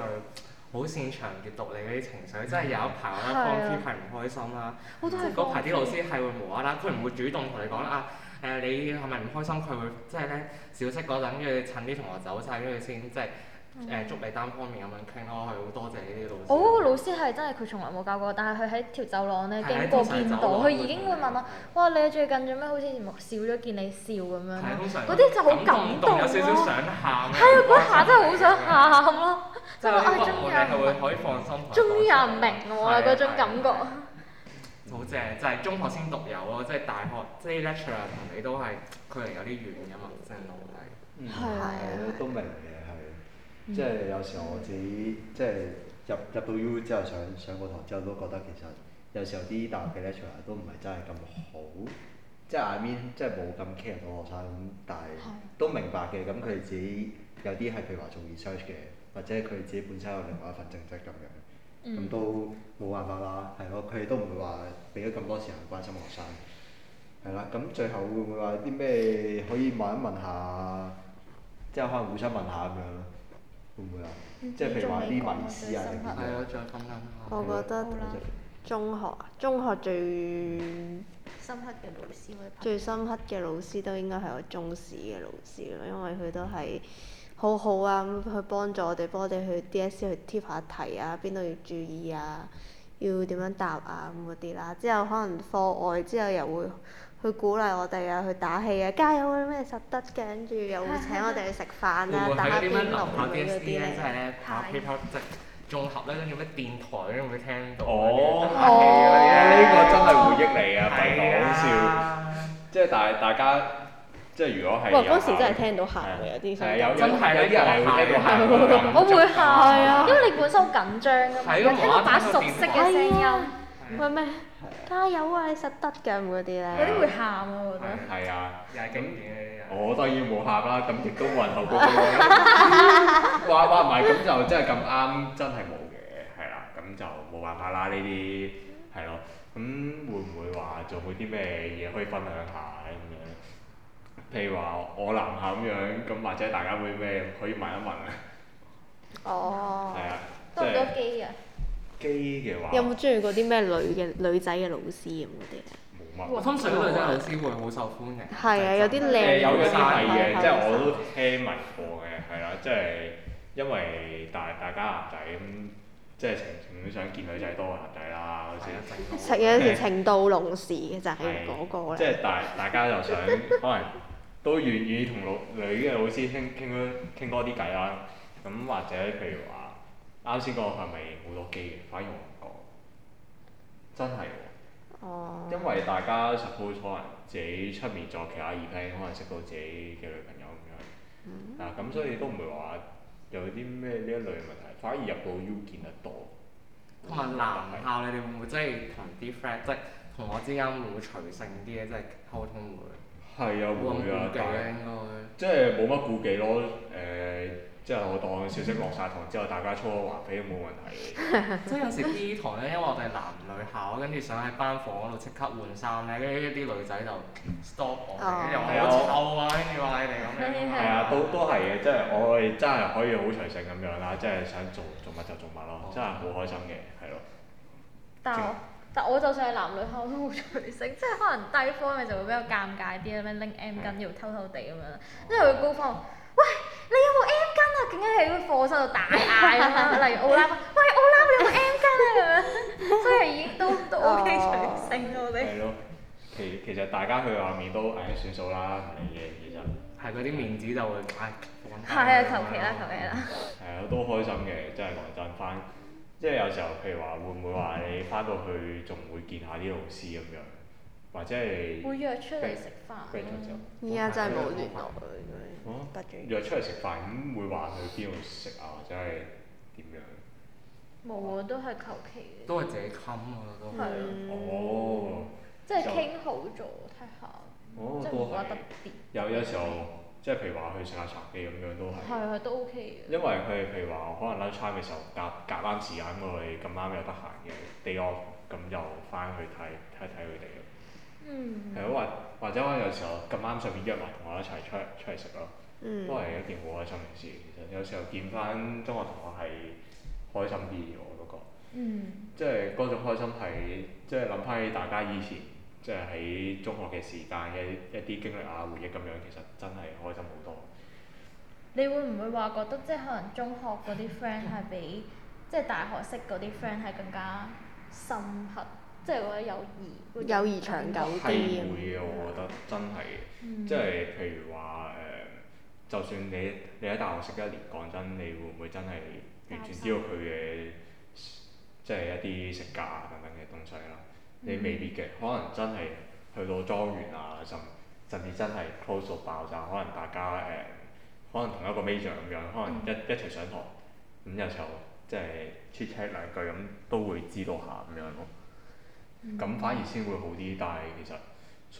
好擅長閱讀你嗰啲情緒，即係、嗯、有一排我覺得鋼珠係唔開心啦，即係嗰排啲老師係會無啦啦，佢唔會主動同你講啊，誒、呃、你係咪唔開心？佢會即係咧小息嗰陣，跟住你趁啲同學走晒，跟住先即係。就是誒，祝你單方面咁樣傾咯，係好多謝呢啲老師。我嗰個老師係真係佢從來冇教過，但係佢喺條走廊咧經過見到，佢已經會問我，哇，你最近做咩？好似少咗見你笑咁樣。係通常。嗰啲就好感動，有少少想喊。係啊，嗰下真係好想喊咯！真係中學好正，終於可以放心。終於有人明我嗰種感覺。好正，就係中學先讀有咯，即係大學，即係 lecture 同你都係距離有啲遠嘅嘛，真係都係。係都明。嗯、即係有時候我自己，即係入入到 U 之後上上過堂之後，都覺得其實有時候啲答嘅呢，成日都唔係真係咁好，嗯、即係 I mean 即係冇咁 care 到學生，但係都明白嘅。咁佢哋自己有啲係譬如話做 research 嘅，或者佢自己本身有另外一份正職咁樣，咁、嗯、都冇辦法啦。係咯，佢哋都唔會話俾咗咁多時間去關心學生。係啦，咁最後會唔會話啲咩可以問一問下，即係可能互相問下咁樣咯？會唔會啊？嗯、即係譬如話啲老師啊，係啊，就係咁啦。我覺得中學啊，中學最深刻嘅老師，最深刻嘅老師都應該係我中史嘅老師咯，因為佢都係好好啊，咁去幫助我哋，幫我哋去 DSE 去貼下題啊，邊度要注意啊，要點樣答啊咁嗰啲啦。之後可能課外之後又會，去鼓勵我哋啊，去打氣啊，加油啲咩實德嘅，跟住又會請我哋去食飯啦，打下邊爐嗰啲嗰啲咧，太綜合咧，跟住咩電台嗰啲會聽到哦，呢個真係回憶嚟啊，唔講笑，即係但係大家即係如果係嗰時真係聽到喊嘅有啲，有真係有啲人會喊我會喊啊，因為你本身好緊張嘅，聽到把熟悉嘅聲音。喂，咩？啊、加油啊！你實得㗎，唔啲咧，嗰啲會喊啊！我覺得係啊，咁、啊，啊、我當然冇喊啦，咁亦都冇人投訴你。話話唔係咁就真係咁啱，真係冇嘅，係啦，咁就冇辦法啦。呢啲係咯，咁會唔會話做過啲咩嘢可以分享下咁樣？譬如話我男校咁樣，咁或者大家會咩可以問一問啊？哦，係、嗯、啊，多唔多機啊？嘅話，有冇中意嗰啲咩女嘅女仔嘅老師咁嗰啲啊？冇乜，通常女仔老師會好受歡迎。係啊，有啲靚嘅老師。有啲係嘅，即係我都聽聞過嘅，係啦，即係因為大大家男仔咁，即係情成想見女仔多男仔啦，好似成。有時情到濃時嘅就係嗰個啦。即係大大家就想，可能都願意同老女嘅老師傾傾多傾多啲偈啦。咁或者譬如話。啱先講係咪好多基嘅？反而我唔講，真係喎、哦。Oh. 因為大家 suppose 可能自己出面做其他耳聽、mm，hmm. 可能識到自己嘅女朋友咁樣。嗯、mm。嗱、hmm. 咁、啊，所以都唔會話有啲咩呢一類問題，反而入到 U 見得多。咁啊，嗯、男校是你哋會唔會即係同啲 friend 即係同學之間會唔會隨性啲咧？即係溝通會。係啊，會啊，但係、啊。即係冇乜顧忌咯，誒。即係我當小息落晒堂之後，大家搓下滑皮都冇問題嘅。即係有時啲堂咧，因為我哋係男女校，跟住想喺班房嗰度即刻換衫咧，跟住啲女仔就 stop 我，因為有好臭啊，跟住話你哋咁樣。係啊，都都係嘅，即係我哋真係可以好隨性咁樣啦，即係想做做乜就做乜咯，真係好開心嘅，係咯。但係我但我就算係男女校都好隨性，即係可能低科咪就會比較尷尬啲咁樣，拎 M 巾要偷偷地咁樣，因為佢高科。喂，你有冇 M 巾啊？點解喺個課室度大嗌啊！ 例如奧拉，喂奧拉，你有冇 M 巾啊？咁樣， 所以已經都都 OK 搶勝咗。我哋係咯，其其實大家去外面都已、哎、算數啦。嘅其實係嗰啲面子就會唉，唔緊要啦。的啊，求其啦求其啦？係啊，啊都開心嘅，真係講真，翻即係有時候，譬如話會唔會話你返到去仲會見下啲老師咁樣？或者係會約出嚟食飯，而家就係冇聯絡佢。哦，約出嚟食飯咁會話去邊度食啊？或者係點樣？冇啊，都係求其。都係自己冚啊都。係咯。哦。即係傾好咗睇下。哦。即係冇話特別。有有時候即係譬如話去食下茶記咁樣都係。係係都 OK 嘅。因為佢係譬如話可能拉差嘅時候隔夾啱時間咁，我哋咁啱又得閒嘅 day off，咁又翻去睇睇睇佢哋。嗯，係咯，或或者我有時候咁啱順便約埋同學一齊出出嚟食咯，嗯、都係一件好開心嘅事。其實有時候見翻中學同學係開心啲，我都覺，即係嗰種開心係即係諗翻起大家以前即係喺中學嘅時間嘅一啲經歷啊、回憶咁樣，其實真係開心好多。你會唔會話覺得即係、就是、可能中學嗰啲 friend 係比即係、就是、大學識嗰啲 friend 係更加深刻？即係我覺得友誼，友誼長久啲。係會嘅，我覺得真係，嗯、即係譬如話誒、呃，就算你你喺大學識一年，講真，你會唔會真係完全知道佢嘅即係一啲性格啊等等嘅東西咯？你未必嘅，嗯、可能真係去到莊園啊，甚甚至真係 close up 爆炸，可能大家誒、呃，可能同一個 major 咁樣，可能一一齊上堂，咁有時候即係 check check 兩句咁，都會知道下咁樣咯。咁、嗯、反而先會好啲，但係其實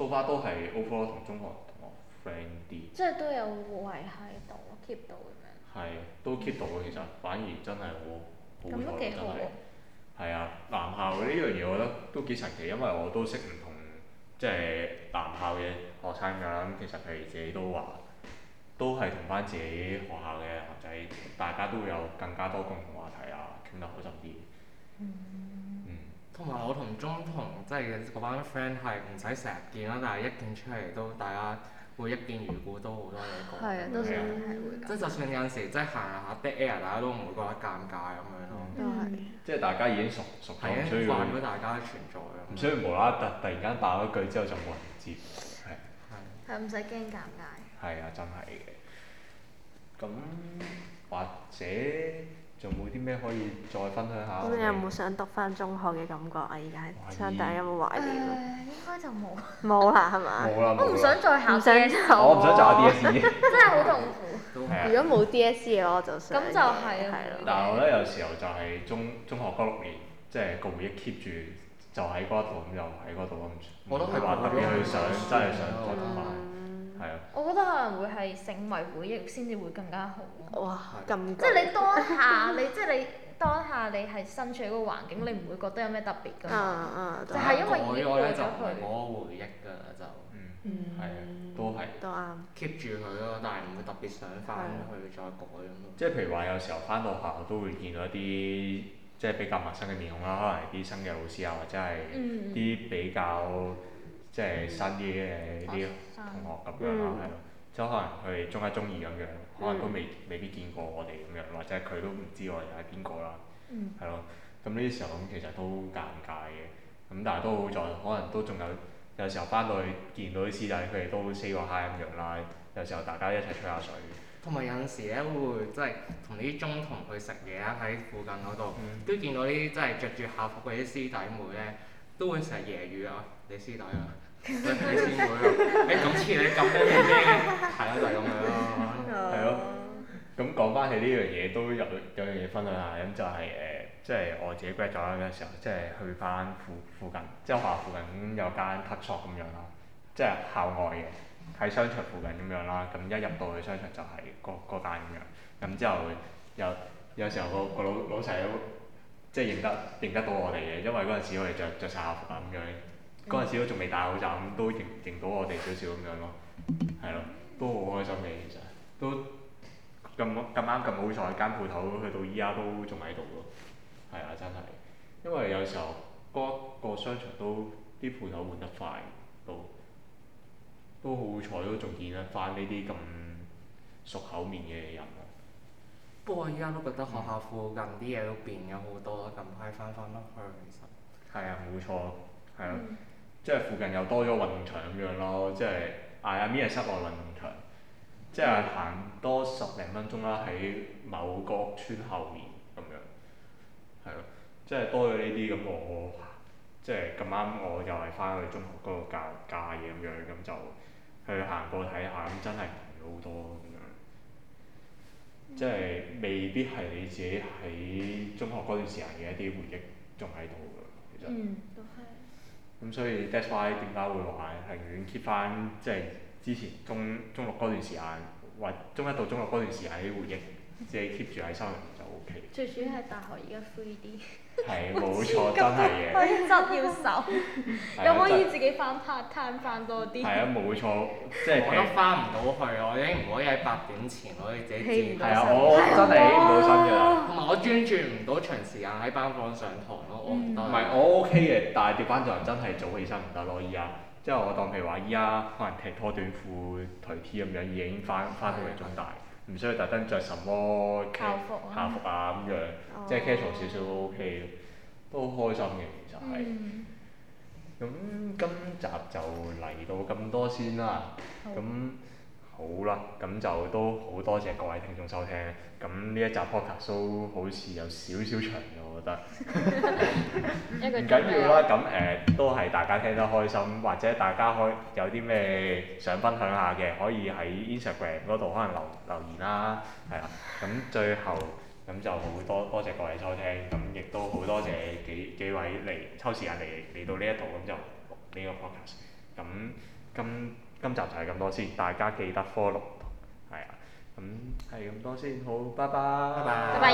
蘇花都係 O level 同中學同我 friend 啲，即係都有維係到 keep 到嘅。係都 keep 到，其實反而真係好好開心。係啊，男校嘅呢樣嘢，我覺得都幾神奇，因為我都識唔同即係、就是、男校嘅學生噶。咁其實譬如自己都話，都係同翻自己學校嘅學仔，大家都會有更加多共同話題啊，傾得好心啲。嗯同埋我同中同即係嗰班 friend 係唔使成日見啦，但係一見出嚟都大家會一見如故都，都好多嘢講。係，都係，即係就算有陣時即係主持人行下 dead air，大家都唔會覺得尷尬咁樣咯。都係是。即係大家已經熟熟熟慣咗大家嘅存在。唔需要無啦啦突突然間爆一句之後就冇人接。係。係唔使驚尷尬。係啊，嗯、真係嘅。咁或者？有冇啲咩可以再分享下？咁你有冇想讀翻中學嘅感覺啊？而家想大家有冇懷念？誒，應該就冇。冇啦，係嘛？冇啦，冇啦。我唔想再考 DSE。我唔想做 DSE。真係好痛苦。如果冇 DSE 嘅我就想。咁就係係啦。但係我覺得有時候就係中中學嗰六年，即係個回憶 keep 住，就喺嗰度咁，就喺嗰度咁，唔會話特別去想，真係想再讀翻。係啊，我覺得可能會係成為回憶先至會更加好。哇，咁即係你當下，你即係你當下你係身處嗰個環境，你唔會覺得有咩特別㗎嘛？嗯嗯。係，就係因為已經去咗佢回憶㗎就，嗯，係啊，都係都啱。keep 住佢咯，但係唔會特別想翻去再改咁咯。即係譬如話，有時候翻到學校都會見到一啲即係比較陌生嘅面孔啦，可能係啲新嘅老師啊，或者係啲比較，即係新啲嘅呢啲同學咁樣咯，係咯、嗯，即係可能佢哋中一中二咁樣，嗯、可能都未未必見過我哋咁樣，或者佢都唔知我哋係邊個啦，係咯、嗯，咁呢啲時候咁其實都尷尬嘅。咁但係都好在可能都仲有有時候翻到去見到啲師弟，佢哋都 say 個 hi 咁樣啦，嗯、有時候大家一齊吹一下水，同埋有陣時咧會即係同啲中同去食嘢啊，喺附近嗰度、嗯、都見到啲即係着住校服嗰啲師弟妹咧，都會成日揶揄啊你師弟啊～你先會誒咁黐你咁樣嘅，係咯就係咁樣咯，係咯。咁講翻起呢樣嘢都有有樣嘢分享下，咁就係、是、誒，即係我自己 grad 咗嗰陣時候，即係去翻附附近，即係學校附近咁有間 tuck shop 咁樣啦，即係校外嘅喺商場附近咁樣啦。咁一入到去商場就係嗰、嗰個嗰間咁樣。咁之後有有時候個個老老細都即係認得認得到我哋嘅，因為嗰陣時我哋着着晒校服咁樣。嗰陣時都仲未戴口罩，咁都認認到我哋少少咁樣咯，係咯，都好開心嘅其實都，都咁咁啱咁好彩間鋪頭，店店去到依家都仲喺度咯，係啊真係，因為有時候嗰、嗰個商場都啲鋪頭換得快，都都好彩都仲見得翻呢啲咁熟口面嘅人，不過依家都覺得學校附近啲嘢都變咗好多，近排翻翻得去其實。係啊，冇錯，係啊。中文即係附近又多咗運動場咁樣咯，即係啊阿咪嘅室外運動場，to to mm. 即係行多十零分鐘啦，喺某個村後面咁樣，係咯，即係多咗呢啲咁我，即係咁啱我又係翻去中學嗰個教教嘢咁樣，咁就去行過睇下，咁真係唔同咗好多咁樣，即係未必係你自己喺中學嗰段時間嘅一啲回憶仲喺度㗎，其實。Mm. 咁、嗯、所以 that's why 點解會話寧願 keep 翻即係之前中中六嗰段時間，或中一到中六嗰段時間，啲回憶即係 keep 住喺心入面就 OK。最主要係大學而家灰啲。係，冇錯，真係嘅。品質要守，又可以自己返 part time，返多啲。係啊，冇錯，即係。我都返唔到去，我已經唔可以喺八點前可以自己。係啊，我真係唔好想嘅。唔係，我專注唔到長時間喺班房上堂咯。我唔，唔係，我 OK 嘅，但係調班做人真係早起身唔得咯。依家，即係我當譬如話，依家可能踢拖短褲、頹 T 咁樣，已經返返到嚟中大。唔需要特登着什麼校服，服啊咁、啊、樣，哦、即係 casual 少少都 OK 嘅，都好開心嘅。其實係咁、嗯、今集就嚟到咁多先啦。咁好啦，咁就都好多謝各位聽眾收聽，咁呢一集 Podcast 都好似有少少長咁。覺得唔緊要啦緊，咁誒都係大家聽得開心，或者大家可有啲咩想分享下嘅，可以喺 Instagram 度可能留留言啦，係啊，咁最後，咁就好多多謝各位收聽，咁亦都好多謝幾幾位嚟抽時間嚟嚟到呢一度咁就呢個 podcast，咁今今集就係咁多先，大家記得 follow。咁係咁多先，好，拜拜，拜拜。